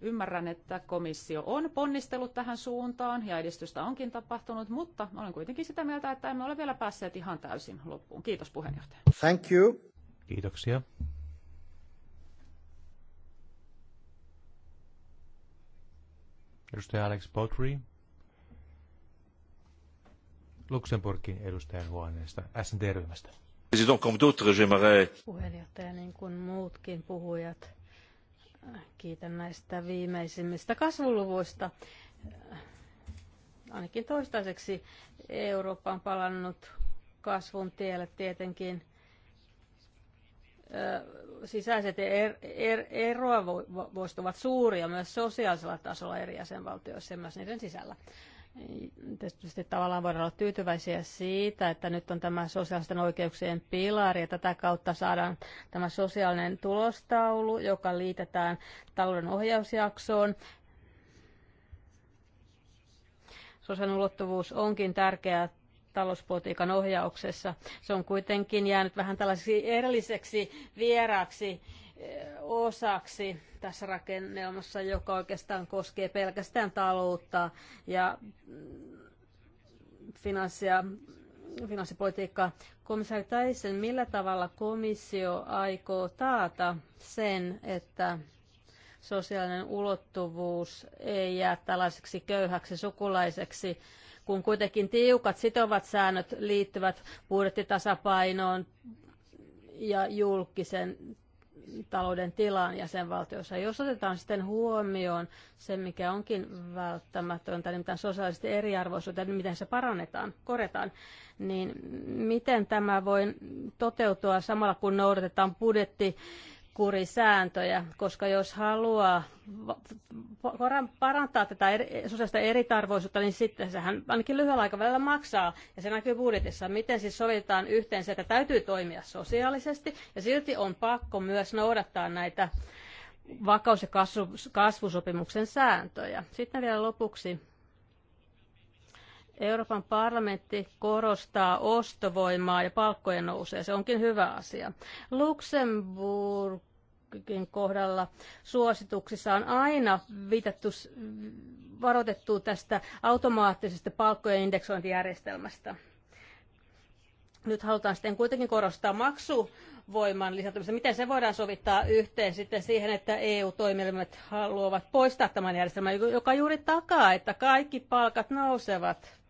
Speaker 1: Ymmärrän, että komissio on ponnistellut tähän suuntaan ja edistystä onkin tapahtunut, mutta olen kuitenkin sitä mieltä, että emme ole vielä päässeet ihan täysin loppuun. Kiitos puheenjohtaja.
Speaker 3: Thank you. Kiitoksia. edustaja Alex Potri Luxemburgin edustajan huoneesta SNT-ryhmästä.
Speaker 2: Puheenjohtaja, niin kuin muutkin puhujat, kiitän näistä viimeisimmistä kasvuluvuista. Ainakin toistaiseksi Eurooppa on palannut kasvun tielle tietenkin sisäiset er, er, eroavoiset ovat suuria myös sosiaalisella tasolla eri jäsenvaltioissa ja myös niiden sisällä. Tietysti tavallaan voidaan olla tyytyväisiä siitä, että nyt on tämä sosiaalisten oikeuksien pilari ja tätä kautta saadaan tämä sosiaalinen tulostaulu, joka liitetään talouden ohjausjaksoon. Sosiaalinen ulottuvuus onkin tärkeä talouspolitiikan ohjauksessa. Se on kuitenkin jäänyt vähän tällaiseksi erilliseksi vieraaksi eh, osaksi tässä rakennelmassa, joka oikeastaan koskee pelkästään taloutta ja mm, finanssia, finanssipolitiikkaa. Komissaari Tyson, millä tavalla komissio aikoo taata sen, että sosiaalinen ulottuvuus ei jää tällaiseksi köyhäksi sukulaiseksi kun kuitenkin tiukat sitovat säännöt liittyvät budjettitasapainoon ja julkisen talouden tilaan jäsenvaltiossa. Jos otetaan sitten huomioon se, mikä onkin välttämätöntä, nimittäin niin sosiaalisesti eriarvoisuutta, niin miten se parannetaan, korjataan, niin miten tämä voi toteutua samalla, kun noudatetaan budjetti kurisääntöjä, koska jos haluaa parantaa tätä eri, sosiaalista eritarvoisuutta, niin sitten sehän ainakin lyhyellä aikavälillä maksaa, ja se näkyy budjetissa. Miten siis sovitaan yhteen se, että täytyy toimia sosiaalisesti, ja silti on pakko myös noudattaa näitä vakaus- ja kasvusopimuksen sääntöjä. Sitten vielä lopuksi Euroopan parlamentti korostaa ostovoimaa ja palkkojen nousee. Se onkin hyvä asia. Luxemburgin kohdalla suosituksissa on aina viitattu, varoitettu tästä automaattisesta palkkojen indeksointijärjestelmästä. Nyt halutaan sitten kuitenkin korostaa maksuvoiman voiman Miten se voidaan sovittaa yhteen sitten siihen, että EU-toimielimet haluavat poistaa tämän järjestelmän, joka juuri takaa, että kaikki palkat nousevat?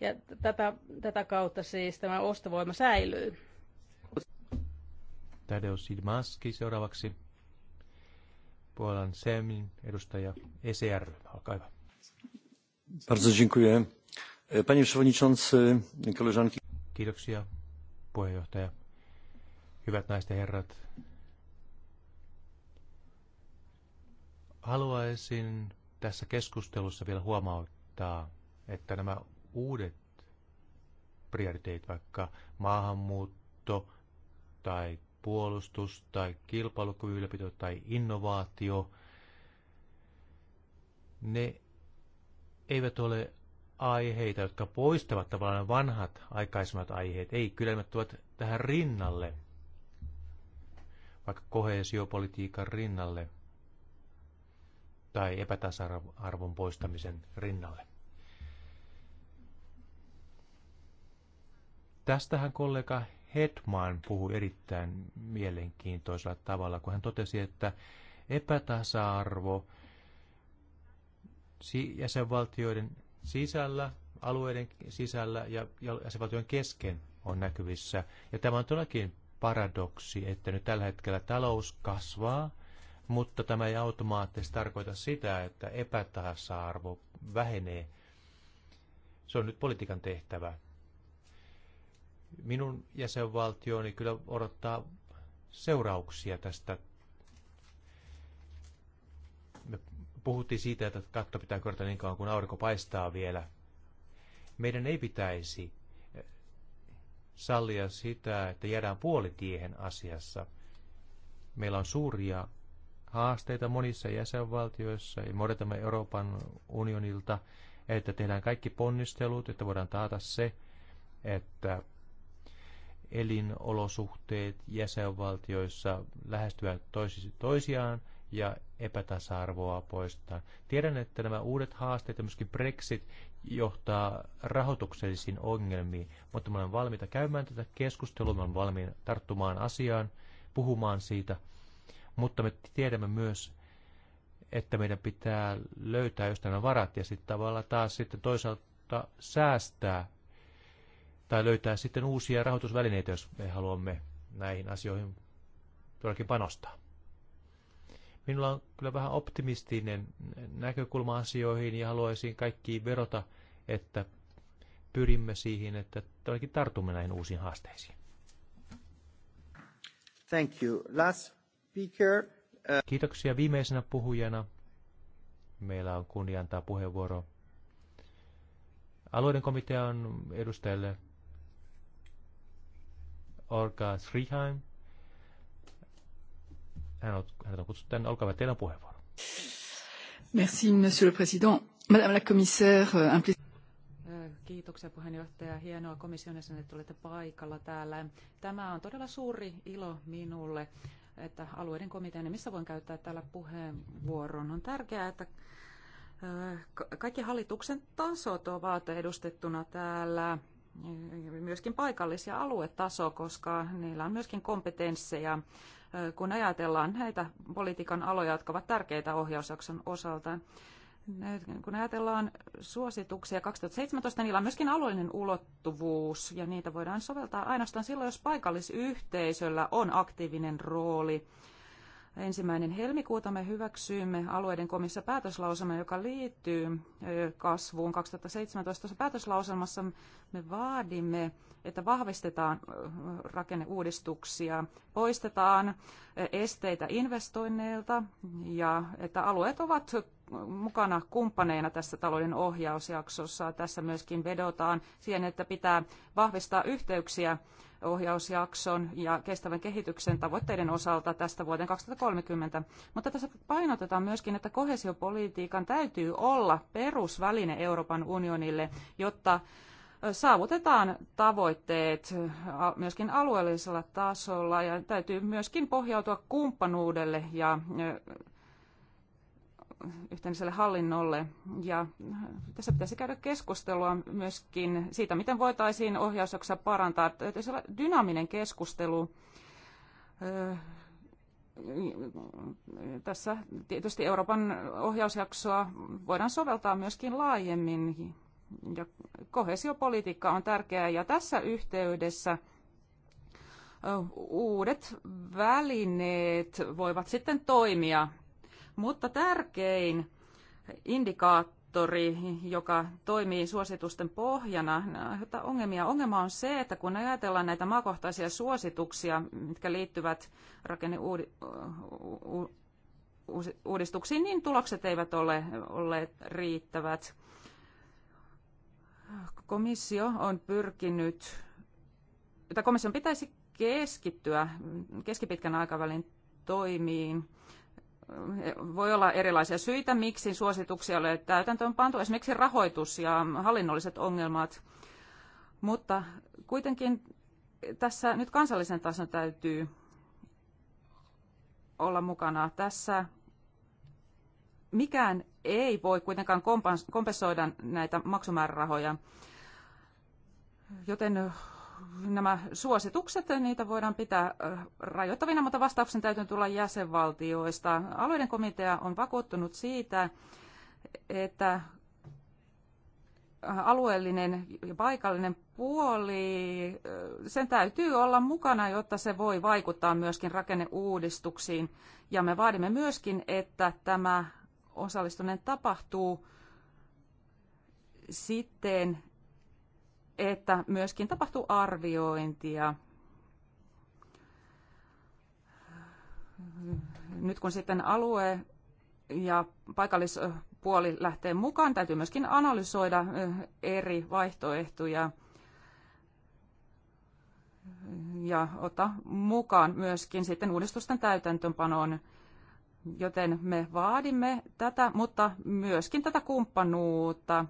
Speaker 2: Ja tätä, tätä kautta siis tämä ostovoima säilyy.
Speaker 3: Tadeus Sidmaski seuraavaksi. Puolan Semin edustaja ECR. Olkaa hyvä. Bardzo dziękuję. Panie przewodniczący, koleżanki. Kiitoksia, puheenjohtaja. Hyvät naiset ja herrat. Haluaisin tässä keskustelussa vielä huomauttaa, että nämä uudet prioriteet, vaikka maahanmuutto tai puolustus tai kilpailukyvyn ylläpito tai innovaatio, ne eivät ole aiheita, jotka poistavat tavallaan vanhat aikaisemmat aiheet. Ei, kyllä ne tuovat tähän rinnalle, vaikka kohesiopolitiikan rinnalle tai epätasa-arvon poistamisen rinnalle. Tästähän kollega Hetman puhui erittäin mielenkiintoisella tavalla, kun hän totesi, että epätasa-arvo jäsenvaltioiden sisällä, alueiden sisällä ja jäsenvaltioiden kesken on näkyvissä. Ja tämä on todellakin paradoksi, että nyt tällä hetkellä talous kasvaa, mutta tämä ei automaattisesti tarkoita sitä, että epätasa-arvo vähenee. Se on nyt politiikan tehtävä minun jäsenvaltioni kyllä odottaa seurauksia tästä. Me puhuttiin siitä, että katto pitää korjata niin kauan kuin aurinko paistaa vielä. Meidän ei pitäisi eh, sallia sitä, että jäädään puolitiehen asiassa. Meillä on suuria haasteita monissa jäsenvaltioissa ja modetamme Euroopan unionilta, että tehdään kaikki ponnistelut, että voidaan taata se, että elinolosuhteet jäsenvaltioissa lähestyvät toisiaan ja epätasa-arvoa poistetaan. Tiedän, että nämä uudet haasteet ja myöskin Brexit johtaa rahoituksellisiin ongelmiin, mutta me olen valmiita käymään tätä keskustelua, olen valmiina tarttumaan asiaan, puhumaan siitä, mutta me tiedämme myös, että meidän pitää löytää jostain varat ja sitten tavallaan taas sitten toisaalta säästää tai löytää sitten uusia rahoitusvälineitä, jos me haluamme näihin asioihin todellakin panostaa. Minulla on kyllä vähän optimistinen näkökulma asioihin ja haluaisin kaikki verota, että pyrimme siihen, että todellakin tartumme näihin uusiin haasteisiin.
Speaker 2: Thank you. Last speaker.
Speaker 3: Uh... Kiitoksia viimeisenä puhujana. Meillä on kunnia antaa puheenvuoro alueiden komitean edustajalle Olga Sriheim. Hän on, on kutsuttu tänne. Olkaa hyvä, teillä on puheenvuoro.
Speaker 1: Merci, monsieur le président. Madame la commissaire, un euh, plaisir. Äh, kiitoksia puheenjohtaja. Hienoa komission jäsenet, että olette paikalla täällä. Tämä on todella suuri ilo minulle, että alueiden komitean missä voin käyttää täällä puheenvuoron. On tärkeää, että äh, kaikki hallituksen tasot ovat edustettuna täällä myöskin paikallisia aluetaso, koska niillä on myöskin kompetensseja, kun ajatellaan näitä politiikan aloja, jotka ovat tärkeitä ohjausjakson osalta. Kun ajatellaan suosituksia 2017, niillä on myöskin alueellinen ulottuvuus ja niitä voidaan soveltaa ainoastaan silloin, jos paikallisyhteisöllä on aktiivinen rooli Ensimmäinen helmikuuta me hyväksyimme alueiden komissa päätöslauselma, joka liittyy kasvuun 2017. Päätöslauselmassa me vaadimme, että vahvistetaan rakenneuudistuksia, poistetaan esteitä investoinneilta ja että alueet ovat mukana kumppaneina tässä talouden ohjausjaksossa. Tässä myöskin vedotaan siihen, että pitää vahvistaa yhteyksiä ohjausjakson ja kestävän kehityksen tavoitteiden osalta tästä vuoden 2030. Mutta tässä painotetaan myöskin, että kohesiopolitiikan täytyy olla perusväline Euroopan unionille, jotta saavutetaan tavoitteet myöskin alueellisella tasolla ja täytyy myöskin pohjautua kumppanuudelle ja yhteiselle hallinnolle. Ja äh, tässä pitäisi käydä keskustelua myöskin siitä, miten voitaisiin ohjausjaksoa parantaa. Täytyisi olla dynaaminen keskustelu. Äh, tässä tietysti Euroopan ohjausjaksoa voidaan soveltaa myöskin laajemmin. Ja kohesiopolitiikka on tärkeää ja tässä yhteydessä äh, uudet välineet voivat sitten toimia mutta tärkein indikaattori, joka toimii suositusten pohjana, että ongelmia. Ongelma on se, että kun ajatellaan näitä maakohtaisia suosituksia, mitkä liittyvät rakenneuudistuksiin, niin tulokset eivät ole olleet riittävät. Komissio on pyrkinyt, että komission pitäisi keskittyä keskipitkän aikavälin toimiin voi olla erilaisia syitä, miksi suosituksia ei ole täytäntöön pantu, esimerkiksi rahoitus ja hallinnolliset ongelmat. Mutta kuitenkin tässä nyt kansallisen tason täytyy olla mukana tässä. Mikään ei voi kuitenkaan kompensoida näitä maksumäärärahoja, joten nämä suositukset, niitä voidaan pitää rajoittavina, mutta vastauksen täytyy tulla jäsenvaltioista. Alueiden komitea on vakuuttunut siitä, että alueellinen ja paikallinen puoli, sen täytyy olla mukana, jotta se voi vaikuttaa myöskin rakenneuudistuksiin. Ja me vaadimme myöskin, että tämä osallistuminen tapahtuu sitten että myöskin tapahtuu arviointia. Nyt kun sitten alue ja paikallispuoli lähtee mukaan, täytyy myöskin analysoida eri vaihtoehtoja ja ottaa mukaan myöskin sitten uudistusten täytäntöönpanoon. Joten me vaadimme tätä, mutta myöskin tätä kumppanuutta –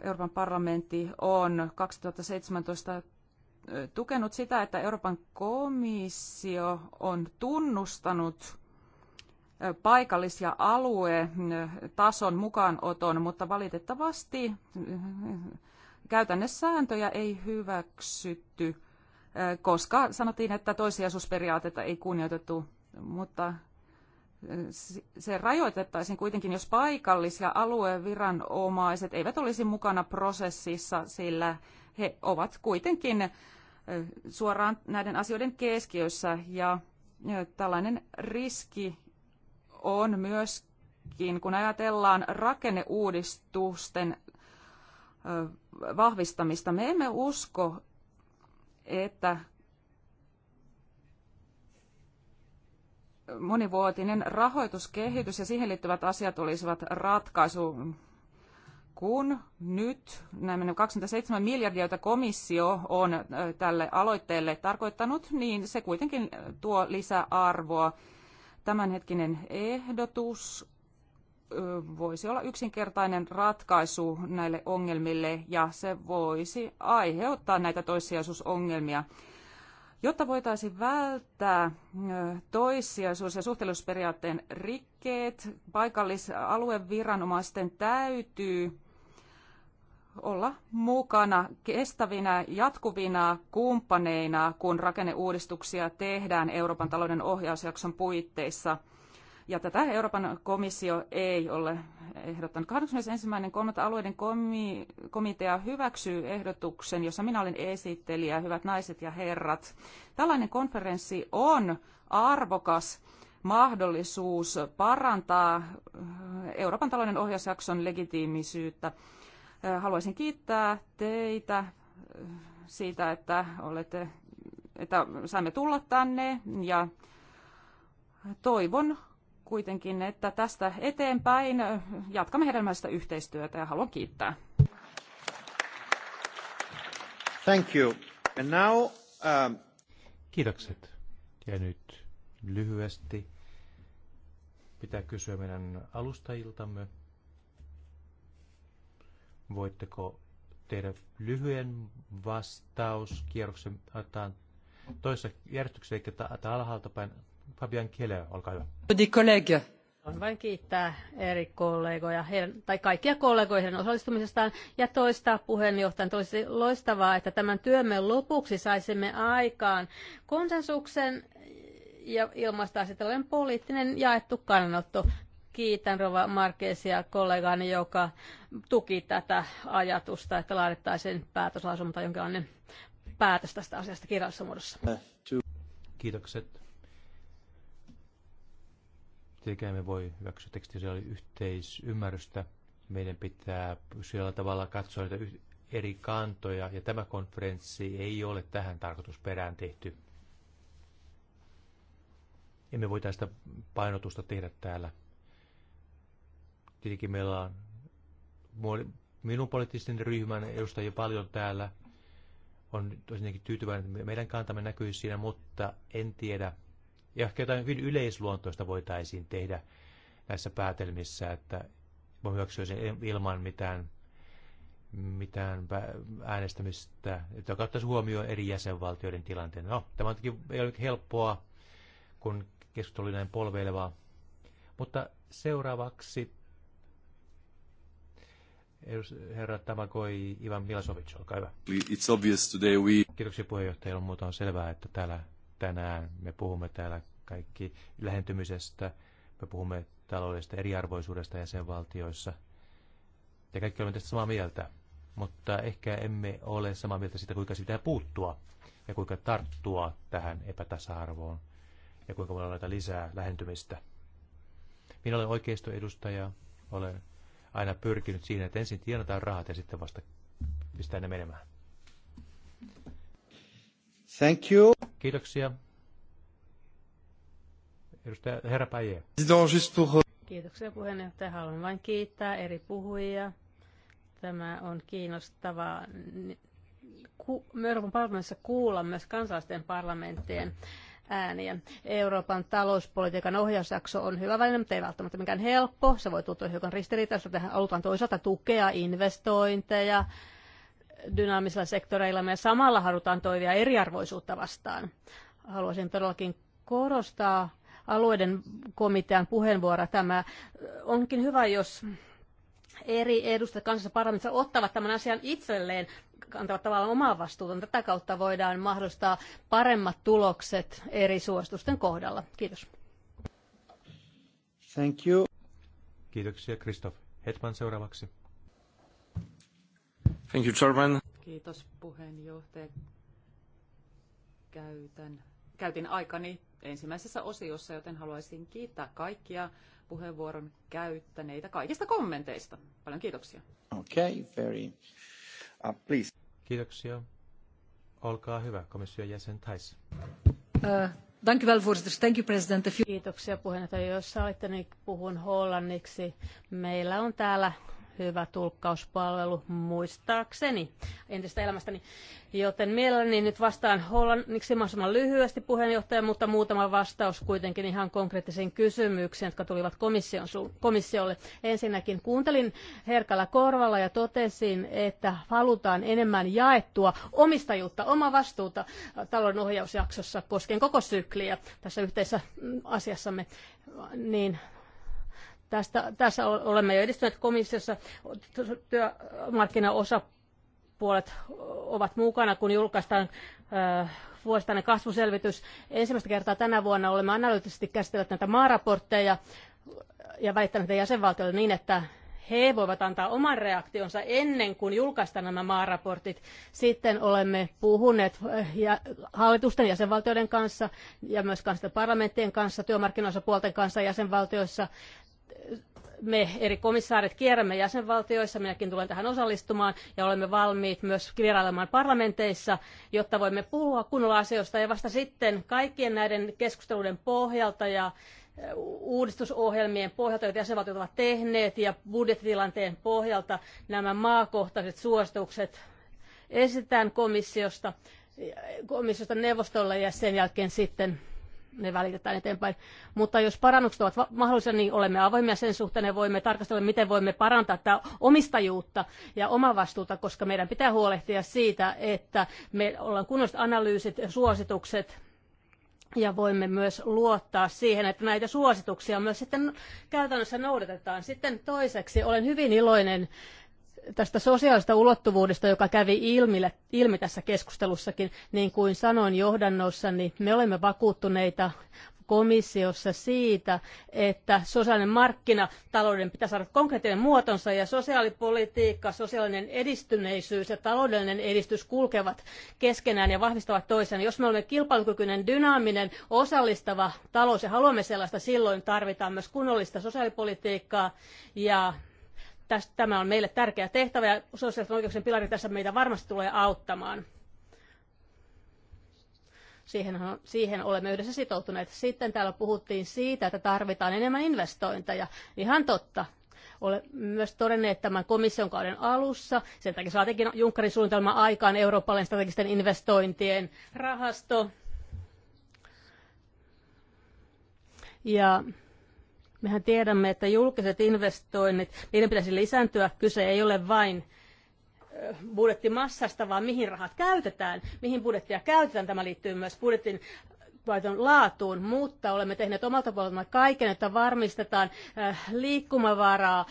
Speaker 1: Euroopan parlamentti on 2017 tukenut sitä, että Euroopan komissio on tunnustanut paikallis- ja aluetason mukaanoton, mutta valitettavasti sääntöjä ei hyväksytty, koska sanottiin, että toissijaisuusperiaatetta ei kunnioitettu, mutta se rajoitettaisiin kuitenkin, jos paikallis- ja alueviranomaiset eivät olisi mukana prosessissa, sillä he ovat kuitenkin suoraan näiden asioiden keskiössä ja tällainen riski on myöskin, kun ajatellaan rakenneuudistusten vahvistamista. Me emme usko, että monivuotinen rahoituskehitys ja siihen liittyvät asiat olisivat ratkaisu, kun nyt nämä 27 miljardia, joita komissio on tälle aloitteelle tarkoittanut, niin se kuitenkin tuo lisäarvoa. Tämänhetkinen ehdotus voisi olla yksinkertainen ratkaisu näille ongelmille ja se voisi aiheuttaa näitä toissijaisuusongelmia. Jotta voitaisiin välttää toissijaisuus- ja suhteellisuusperiaatteen rikkeet, paikallisalueviranomaisten täytyy olla mukana kestävinä, jatkuvina kumppaneina, kun rakenneuudistuksia tehdään Euroopan talouden ohjausjakson puitteissa – ja tätä Euroopan komissio ei ole ehdottanut. 21.3. alueiden komitea hyväksyy ehdotuksen, jossa minä olen esittelijä, hyvät naiset ja herrat. Tällainen konferenssi on arvokas mahdollisuus parantaa äh, Euroopan talouden ohjausjakson legitiimisyyttä. Äh, haluaisin kiittää teitä äh, siitä, että, olette, että saimme tulla tänne ja toivon kuitenkin, että tästä eteenpäin jatkamme hedelmällistä yhteistyötä ja haluan kiittää.
Speaker 3: Thank you. And now, um... Kiitokset. Ja nyt lyhyesti pitää kysyä meidän alustajiltamme. Voitteko tehdä lyhyen vastauskierroksen, antaa toisessa järjestyksessä, eli alhaalta päin Fabian Keller, olkaa hyvä.
Speaker 2: On vain kiittää eri kollegoja heidän, tai kaikkia kollegoja heidän osallistumisestaan ja toistaa puheenjohtajan. Olisi loistavaa, että tämän työmme lopuksi saisimme aikaan konsensuksen ja ilmaistaan sitten poliittinen jaettu kannanotto kiitän Rova Markeisia kollegani, joka tuki tätä ajatusta, että laadittaisiin päätöslausuma tai jonkinlainen päätös tästä asiasta kirjallisessa muodossa.
Speaker 3: Kiitokset. Tietenkään me voi hyväksyä oli yhteisymmärrystä. Meidän pitää sillä tavalla katsoa niitä eri kantoja, ja tämä konferenssi ei ole tähän tarkoitusperään tehty. Emme voi tästä painotusta tehdä täällä. Tietenkin meillä on minun poliittisten ryhmän edustajia paljon täällä. On tosiaankin tyytyväinen, että meidän kantamme näkyy siinä, mutta en tiedä, ja ehkä jotain hyvin yleisluontoista voitaisiin tehdä näissä päätelmissä, että voimme hyväksyä sen ilman mitään, mitään äänestämistä, että ottaisi huomioon eri jäsenvaltioiden tilanteen. No, tämä on ei ole helppoa, kun keskustelu oli näin polveilevaa. Mutta seuraavaksi herra Tamakoi Ivan Milasovic, olkaa hyvä. It's obvious today we... Kiitoksia puheenjohtajalle, mutta on selvää, että täällä tänään. Me puhumme täällä kaikki lähentymisestä, me puhumme taloudesta, eriarvoisuudesta jäsenvaltioissa. Ja kaikki olemme tästä samaa mieltä, mutta ehkä emme ole samaa mieltä siitä, kuinka sitä puuttua ja kuinka tarttua tähän epätasa-arvoon ja kuinka voidaan laittaa lisää lähentymistä. Minä olen oikeistoedustaja, olen aina pyrkinyt siihen, että ensin tienataan rahat ja sitten vasta pistää ne menemään. Thank you. Kiitoksia. Edustaja Herra Päijä.
Speaker 2: Kiitoksia puheenjohtaja. Haluan vain kiittää eri puhujia. Tämä on kiinnostavaa. Euroopan parlamentissa kuulla myös kansalaisten parlamenttien ääniä. Euroopan talouspolitiikan ohjausjakso on hyvä väline, mutta ei välttämättä mikään helppo. Se voi tuntua hiukan ristiriitaista. että halutaan toisaalta tukea investointeja, dynaamisilla sektoreilla me samalla halutaan toivia eriarvoisuutta vastaan. Haluaisin todellakin korostaa alueiden komitean puheenvuoro. Tämä onkin hyvä, jos eri edustajat kansallisessa parlamentissa ottavat tämän asian itselleen, antavat tavallaan omaa vastuuta. Tätä kautta voidaan mahdollistaa paremmat tulokset eri suositusten kohdalla. Kiitos.
Speaker 3: Thank you. Kiitoksia, Kristoff. Hetman seuraavaksi. Thank you, Chairman.
Speaker 1: Kiitos puheenjohtaja. Käytän, käytin aikani ensimmäisessä osiossa, joten haluaisin kiittää kaikkia puheenvuoron käyttäneitä kaikista kommenteista. Paljon kiitoksia.
Speaker 3: Okay, very. Uh, please. Kiitoksia. Olkaa hyvä, komission jäsen Thais.
Speaker 2: Uh, Dank u Thank you, president. Kiitoksia puheenjohtaja. Jos sallitte, niin puhun hollanniksi. Meillä on täällä hyvä tulkkauspalvelu muistaakseni entistä elämästäni. Joten mielelläni nyt vastaan hollanniksi mahdollisimman lyhyesti puheenjohtaja, mutta muutama vastaus kuitenkin ihan konkreettisiin kysymyksiin, jotka tulivat komission komissiolle. Ensinnäkin kuuntelin herkällä korvalla ja totesin, että halutaan enemmän jaettua omistajuutta, oma vastuuta talon ohjausjaksossa koskien koko sykliä tässä yhteisessä mm, asiassamme. Niin Tästä, tässä olemme jo edistyneet komissiossa. Työmarkkinaosapuolet ovat mukana, kun julkaistaan vuosittainen kasvuselvitys. Ensimmäistä kertaa tänä vuonna olemme analyyttisesti käsitelleet näitä maaraportteja ja väittäneet jäsenvaltioille niin, että he voivat antaa oman reaktionsa ennen kuin julkaistaan nämä maaraportit. Sitten olemme puhuneet ja hallitusten jäsenvaltioiden kanssa ja myös kanssa parlamenttien kanssa, työmarkkinoissa puolten kanssa jäsenvaltioissa me eri komissaarit kierrämme jäsenvaltioissa, minäkin tulen tähän osallistumaan, ja olemme valmiit myös vierailemaan parlamenteissa, jotta voimme puhua kunnolla asioista. Ja vasta sitten kaikkien näiden keskusteluiden pohjalta ja uudistusohjelmien pohjalta, joita jäsenvaltiot ovat tehneet, ja budjettitilanteen pohjalta nämä maakohtaiset suositukset esitetään komissiosta, komissiosta neuvostolle ja sen jälkeen sitten ne välitetään eteenpäin. Mutta jos parannukset ovat mahdollisia, niin olemme avoimia sen suhteen ja voimme tarkastella, miten voimme parantaa tätä omistajuutta ja omavastuuta, koska meidän pitää huolehtia siitä, että me ollaan kunnolliset analyysit ja suositukset ja voimme myös luottaa siihen, että näitä suosituksia myös sitten käytännössä noudatetaan. Sitten toiseksi olen hyvin iloinen tästä sosiaalista ulottuvuudesta, joka kävi ilmi, ilmi tässä keskustelussakin, niin kuin sanoin johdannossa, niin me olemme vakuuttuneita komissiossa siitä, että sosiaalinen markkinatalouden pitää saada konkreettinen muotonsa ja sosiaalipolitiikka, sosiaalinen edistyneisyys ja taloudellinen edistys kulkevat keskenään ja vahvistavat toisen. Jos me olemme kilpailukykyinen, dynaaminen, osallistava talous ja haluamme sellaista, silloin tarvitaan myös kunnollista sosiaalipolitiikkaa ja Tästä, tämä on meille tärkeä tehtävä ja sosiaalisen oikeuksien pilari tässä meitä varmasti tulee auttamaan. Siihen, siihen olemme yhdessä sitoutuneet. Sitten täällä puhuttiin siitä, että tarvitaan enemmän investointeja. Ihan totta. Olen myös todenneet tämän komission kauden alussa. Sen takia saatiinkin Junckerin suunnitelma aikaan eurooppalainen strategisten investointien rahasto. Ja Mehän tiedämme, että julkiset investoinnit, niiden pitäisi lisääntyä. Kyse ei ole vain budjettimassasta, vaan mihin rahat käytetään, mihin budjettia käytetään. Tämä liittyy myös budjetin laatuun, mutta olemme tehneet omalta puoleltamme kaiken, että varmistetaan liikkumavaraa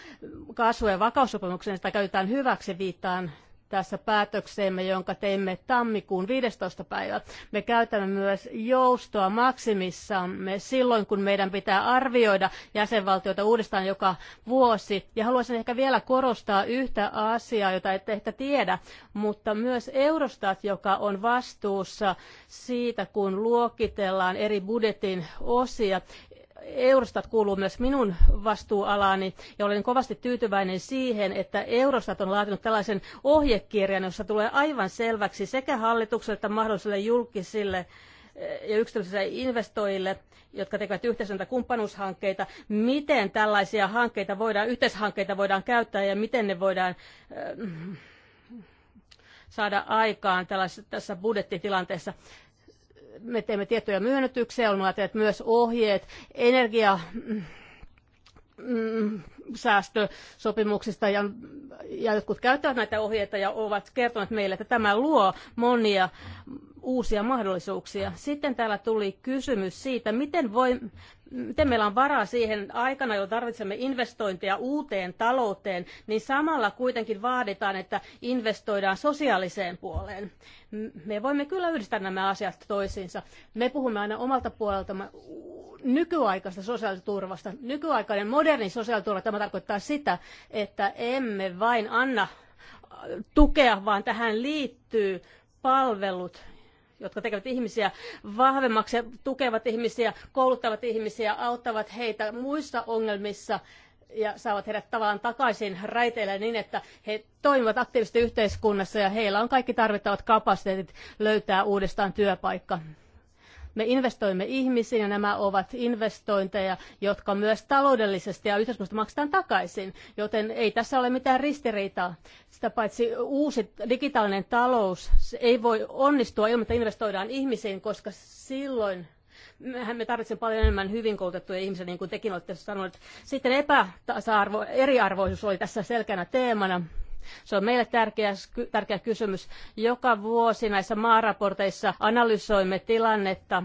Speaker 2: kasvu- ja vakaussopimuksen, sitä käytetään hyväksi, viittaan tässä päätökseemme, jonka teimme tammikuun 15. päivä. Me käytämme myös joustoa maksimissamme silloin, kun meidän pitää arvioida jäsenvaltioita uudestaan joka vuosi. Ja haluaisin ehkä vielä korostaa yhtä asiaa, jota ette ehkä tiedä, mutta myös Eurostat, joka on vastuussa siitä, kun luokitellaan eri budjetin osia. Eurostat kuuluu myös minun vastuualaani ja olen kovasti tyytyväinen siihen, että Eurostat on laatinut tällaisen ohjekirjan, jossa tulee aivan selväksi sekä hallitukselle että mahdollisille julkisille eh, ja yksityisille investoijille, jotka tekevät yhteistyötä kumppanuushankkeita, miten tällaisia hankkeita voidaan, yhteishankkeita voidaan käyttää ja miten ne voidaan eh, saada aikaan tällaisessa, tässä budjettitilanteessa me teemme tiettyjä myönnytyksiä, on ajatellut myös ohjeet energia mm, mm, säästösopimuksista ja, ja jotkut käyttävät näitä ohjeita ja ovat kertoneet meille, että tämä luo monia uusia mahdollisuuksia. Sitten täällä tuli kysymys siitä, miten voi, miten meillä on varaa siihen aikana, jolloin tarvitsemme investointeja uuteen talouteen, niin samalla kuitenkin vaaditaan, että investoidaan sosiaaliseen puoleen. Me voimme kyllä yhdistää nämä asiat toisiinsa. Me puhumme aina omalta puoleltamme nykyaikaista sosiaaliturvasta. Nykyaikainen moderni sosiaaliturva, tämä tarkoittaa sitä, että emme vain anna tukea, vaan tähän liittyy palvelut, jotka tekevät ihmisiä vahvemmaksi ja tukevat ihmisiä, kouluttavat ihmisiä, auttavat heitä muissa ongelmissa ja saavat heidät tavallaan takaisin raiteille niin, että he toimivat aktiivisesti yhteiskunnassa ja heillä on kaikki tarvittavat kapasiteetit löytää uudestaan työpaikka. Me investoimme ihmisiin ja nämä ovat investointeja, jotka myös taloudellisesti ja yhteiskunnasta maksetaan takaisin, joten ei tässä ole mitään ristiriitaa. Sitä paitsi uusi digitaalinen talous ei voi onnistua ilman, että investoidaan ihmisiin, koska silloin mehän me tarvitsemme paljon enemmän hyvin koulutettuja ihmisiä, niin kuin tekin olette sanoneet. Sitten epätasa-arvo, eriarvoisuus oli tässä selkeänä teemana. Se on meille tärkeä, tärkeä kysymys. Joka vuosi näissä maaraporteissa analysoimme tilannetta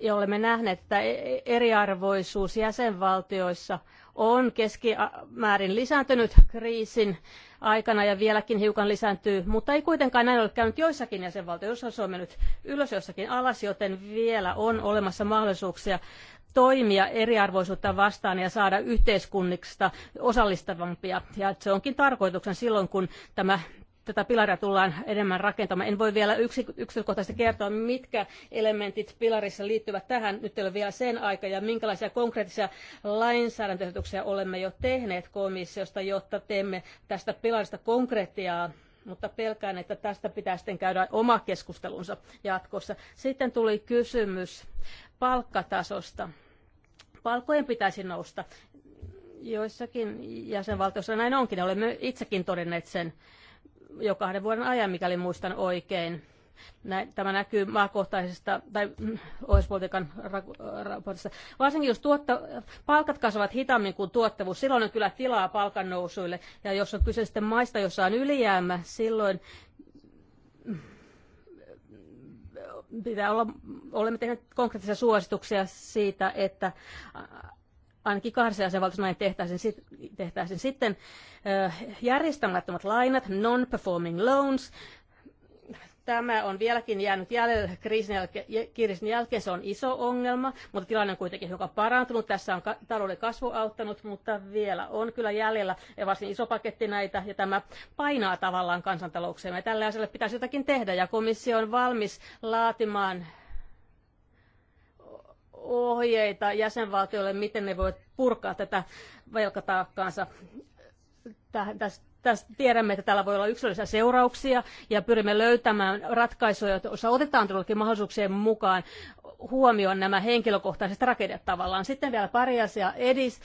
Speaker 2: ja olemme nähneet, että e- e- eriarvoisuus jäsenvaltioissa on keskimäärin lisääntynyt kriisin aikana ja vieläkin hiukan lisääntyy, mutta ei kuitenkaan näin ole käynyt joissakin jäsenvaltioissa. se on mennyt ylös jossakin alas, joten vielä on olemassa mahdollisuuksia toimia eriarvoisuutta vastaan ja saada yhteiskunnista osallistavampia. Ja se onkin tarkoituksen silloin, kun tämä tätä pilaria tullaan enemmän rakentamaan. En voi vielä yksi, yksilökohtaisesti kertoa, mitkä elementit pilarissa liittyvät tähän. Nyt ei ole vielä sen aika ja minkälaisia konkreettisia lainsäädäntöehdotuksia olemme jo tehneet komissiosta, jotta teemme tästä pilarista konkreettiaa mutta pelkään, että tästä pitää sitten käydä oma keskustelunsa jatkossa. Sitten tuli kysymys palkkatasosta. Palkojen pitäisi nousta. Joissakin jäsenvaltioissa näin onkin, olemme itsekin todenneet sen jo kahden vuoden ajan, mikäli muistan oikein. Tämä näkyy maakohtaisesta tai mm, OS-politiikan raportista. Varsinkin jos tuotta, palkat kasvavat hitaammin kuin tuottavuus, silloin on kyllä tilaa palkan nousuille. Ja jos on kyse sitten maista, jossa on ylijäämä, silloin mm, pitää olla, olemme tehneet konkreettisia suosituksia siitä, että ainakin kahdessa jäsenvaltiossa näin tehtäisiin, tehtäisiin sitten järjestämättömät lainat, non-performing loans, Tämä on vieläkin jäänyt jäljelle kriisin jälkeen, kriisin jälkeen, se on iso ongelma, mutta tilanne on kuitenkin hiukan parantunut. Tässä on talouden kasvu auttanut, mutta vielä on kyllä jäljellä ja varsin iso paketti näitä, ja tämä painaa tavallaan kansantaloukseen. tällä asialla pitäisi jotakin tehdä, ja komissio on valmis laatimaan ohjeita jäsenvaltioille, miten ne voivat purkaa tätä velkataakkaansa. Tästä Tästä tiedämme, että tällä voi olla yksilöllisiä seurauksia ja pyrimme löytämään ratkaisuja, joissa otetaan todellakin mahdollisuuksien mukaan huomioon nämä henkilökohtaiset tragediat tavallaan. Sitten vielä pari asiaa. EDIS,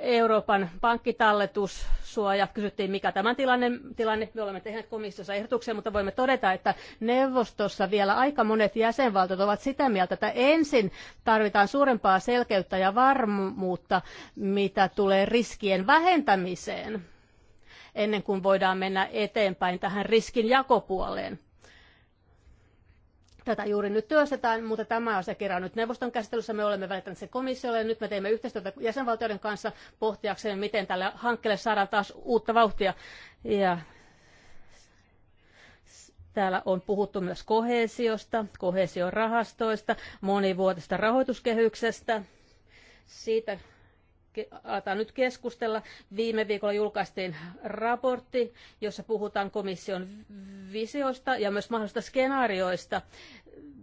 Speaker 2: Euroopan pankkitalletussuoja. Kysyttiin, mikä tämän tilanne, tilanne. Me olemme tehneet komissiossa ehdotuksia, mutta voimme todeta, että neuvostossa vielä aika monet jäsenvaltiot ovat sitä mieltä, että ensin tarvitaan suurempaa selkeyttä ja varmuutta, mitä tulee riskien vähentämiseen ennen kuin voidaan mennä eteenpäin tähän riskin jakopuoleen. Tätä juuri nyt työstetään, mutta tämä asiakirja on nyt neuvoston käsittelyssä. Me olemme välittäneet sen komissiolle ja nyt me teemme yhteistyötä jäsenvaltioiden kanssa pohtiakseen, miten tälle hankkeelle saadaan taas uutta vauhtia. Ja Täällä on puhuttu myös kohesiosta, kohesiorahastoista, monivuotisesta rahoituskehyksestä, siitä aletaan nyt keskustella. Viime viikolla julkaistiin raportti, jossa puhutaan komission visioista ja myös mahdollisista skenaarioista,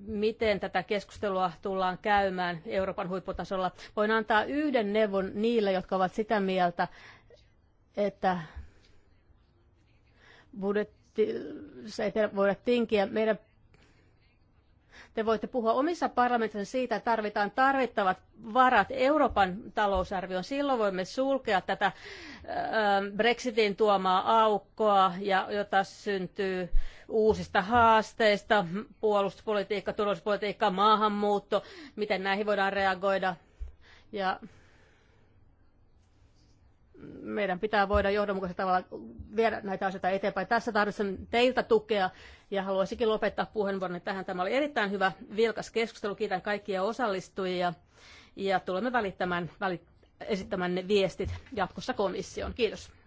Speaker 2: miten tätä keskustelua tullaan käymään Euroopan huipputasolla. Voin antaa yhden neuvon niille, jotka ovat sitä mieltä, että budjetti, se ei voida tinkiä. Meidän te voitte puhua omissa parlamentissa siitä, että tarvitaan tarvittavat varat Euroopan talousarvioon. Silloin voimme sulkea tätä ähm, Brexitin tuomaa aukkoa, ja jota syntyy uusista haasteista, puolustuspolitiikka, turvallisuuspolitiikka, maahanmuutto, miten näihin voidaan reagoida. Ja meidän pitää voida johdonmukaisella tavalla viedä näitä asioita eteenpäin. Tässä tarvitsen teiltä tukea ja haluaisinkin lopettaa puheenvuoroni tähän. Tämä oli erittäin hyvä, vilkas keskustelu. Kiitän kaikkia osallistujia ja tulemme välittämään, välittämään esittämään ne viestit jatkossa komissioon. Kiitos.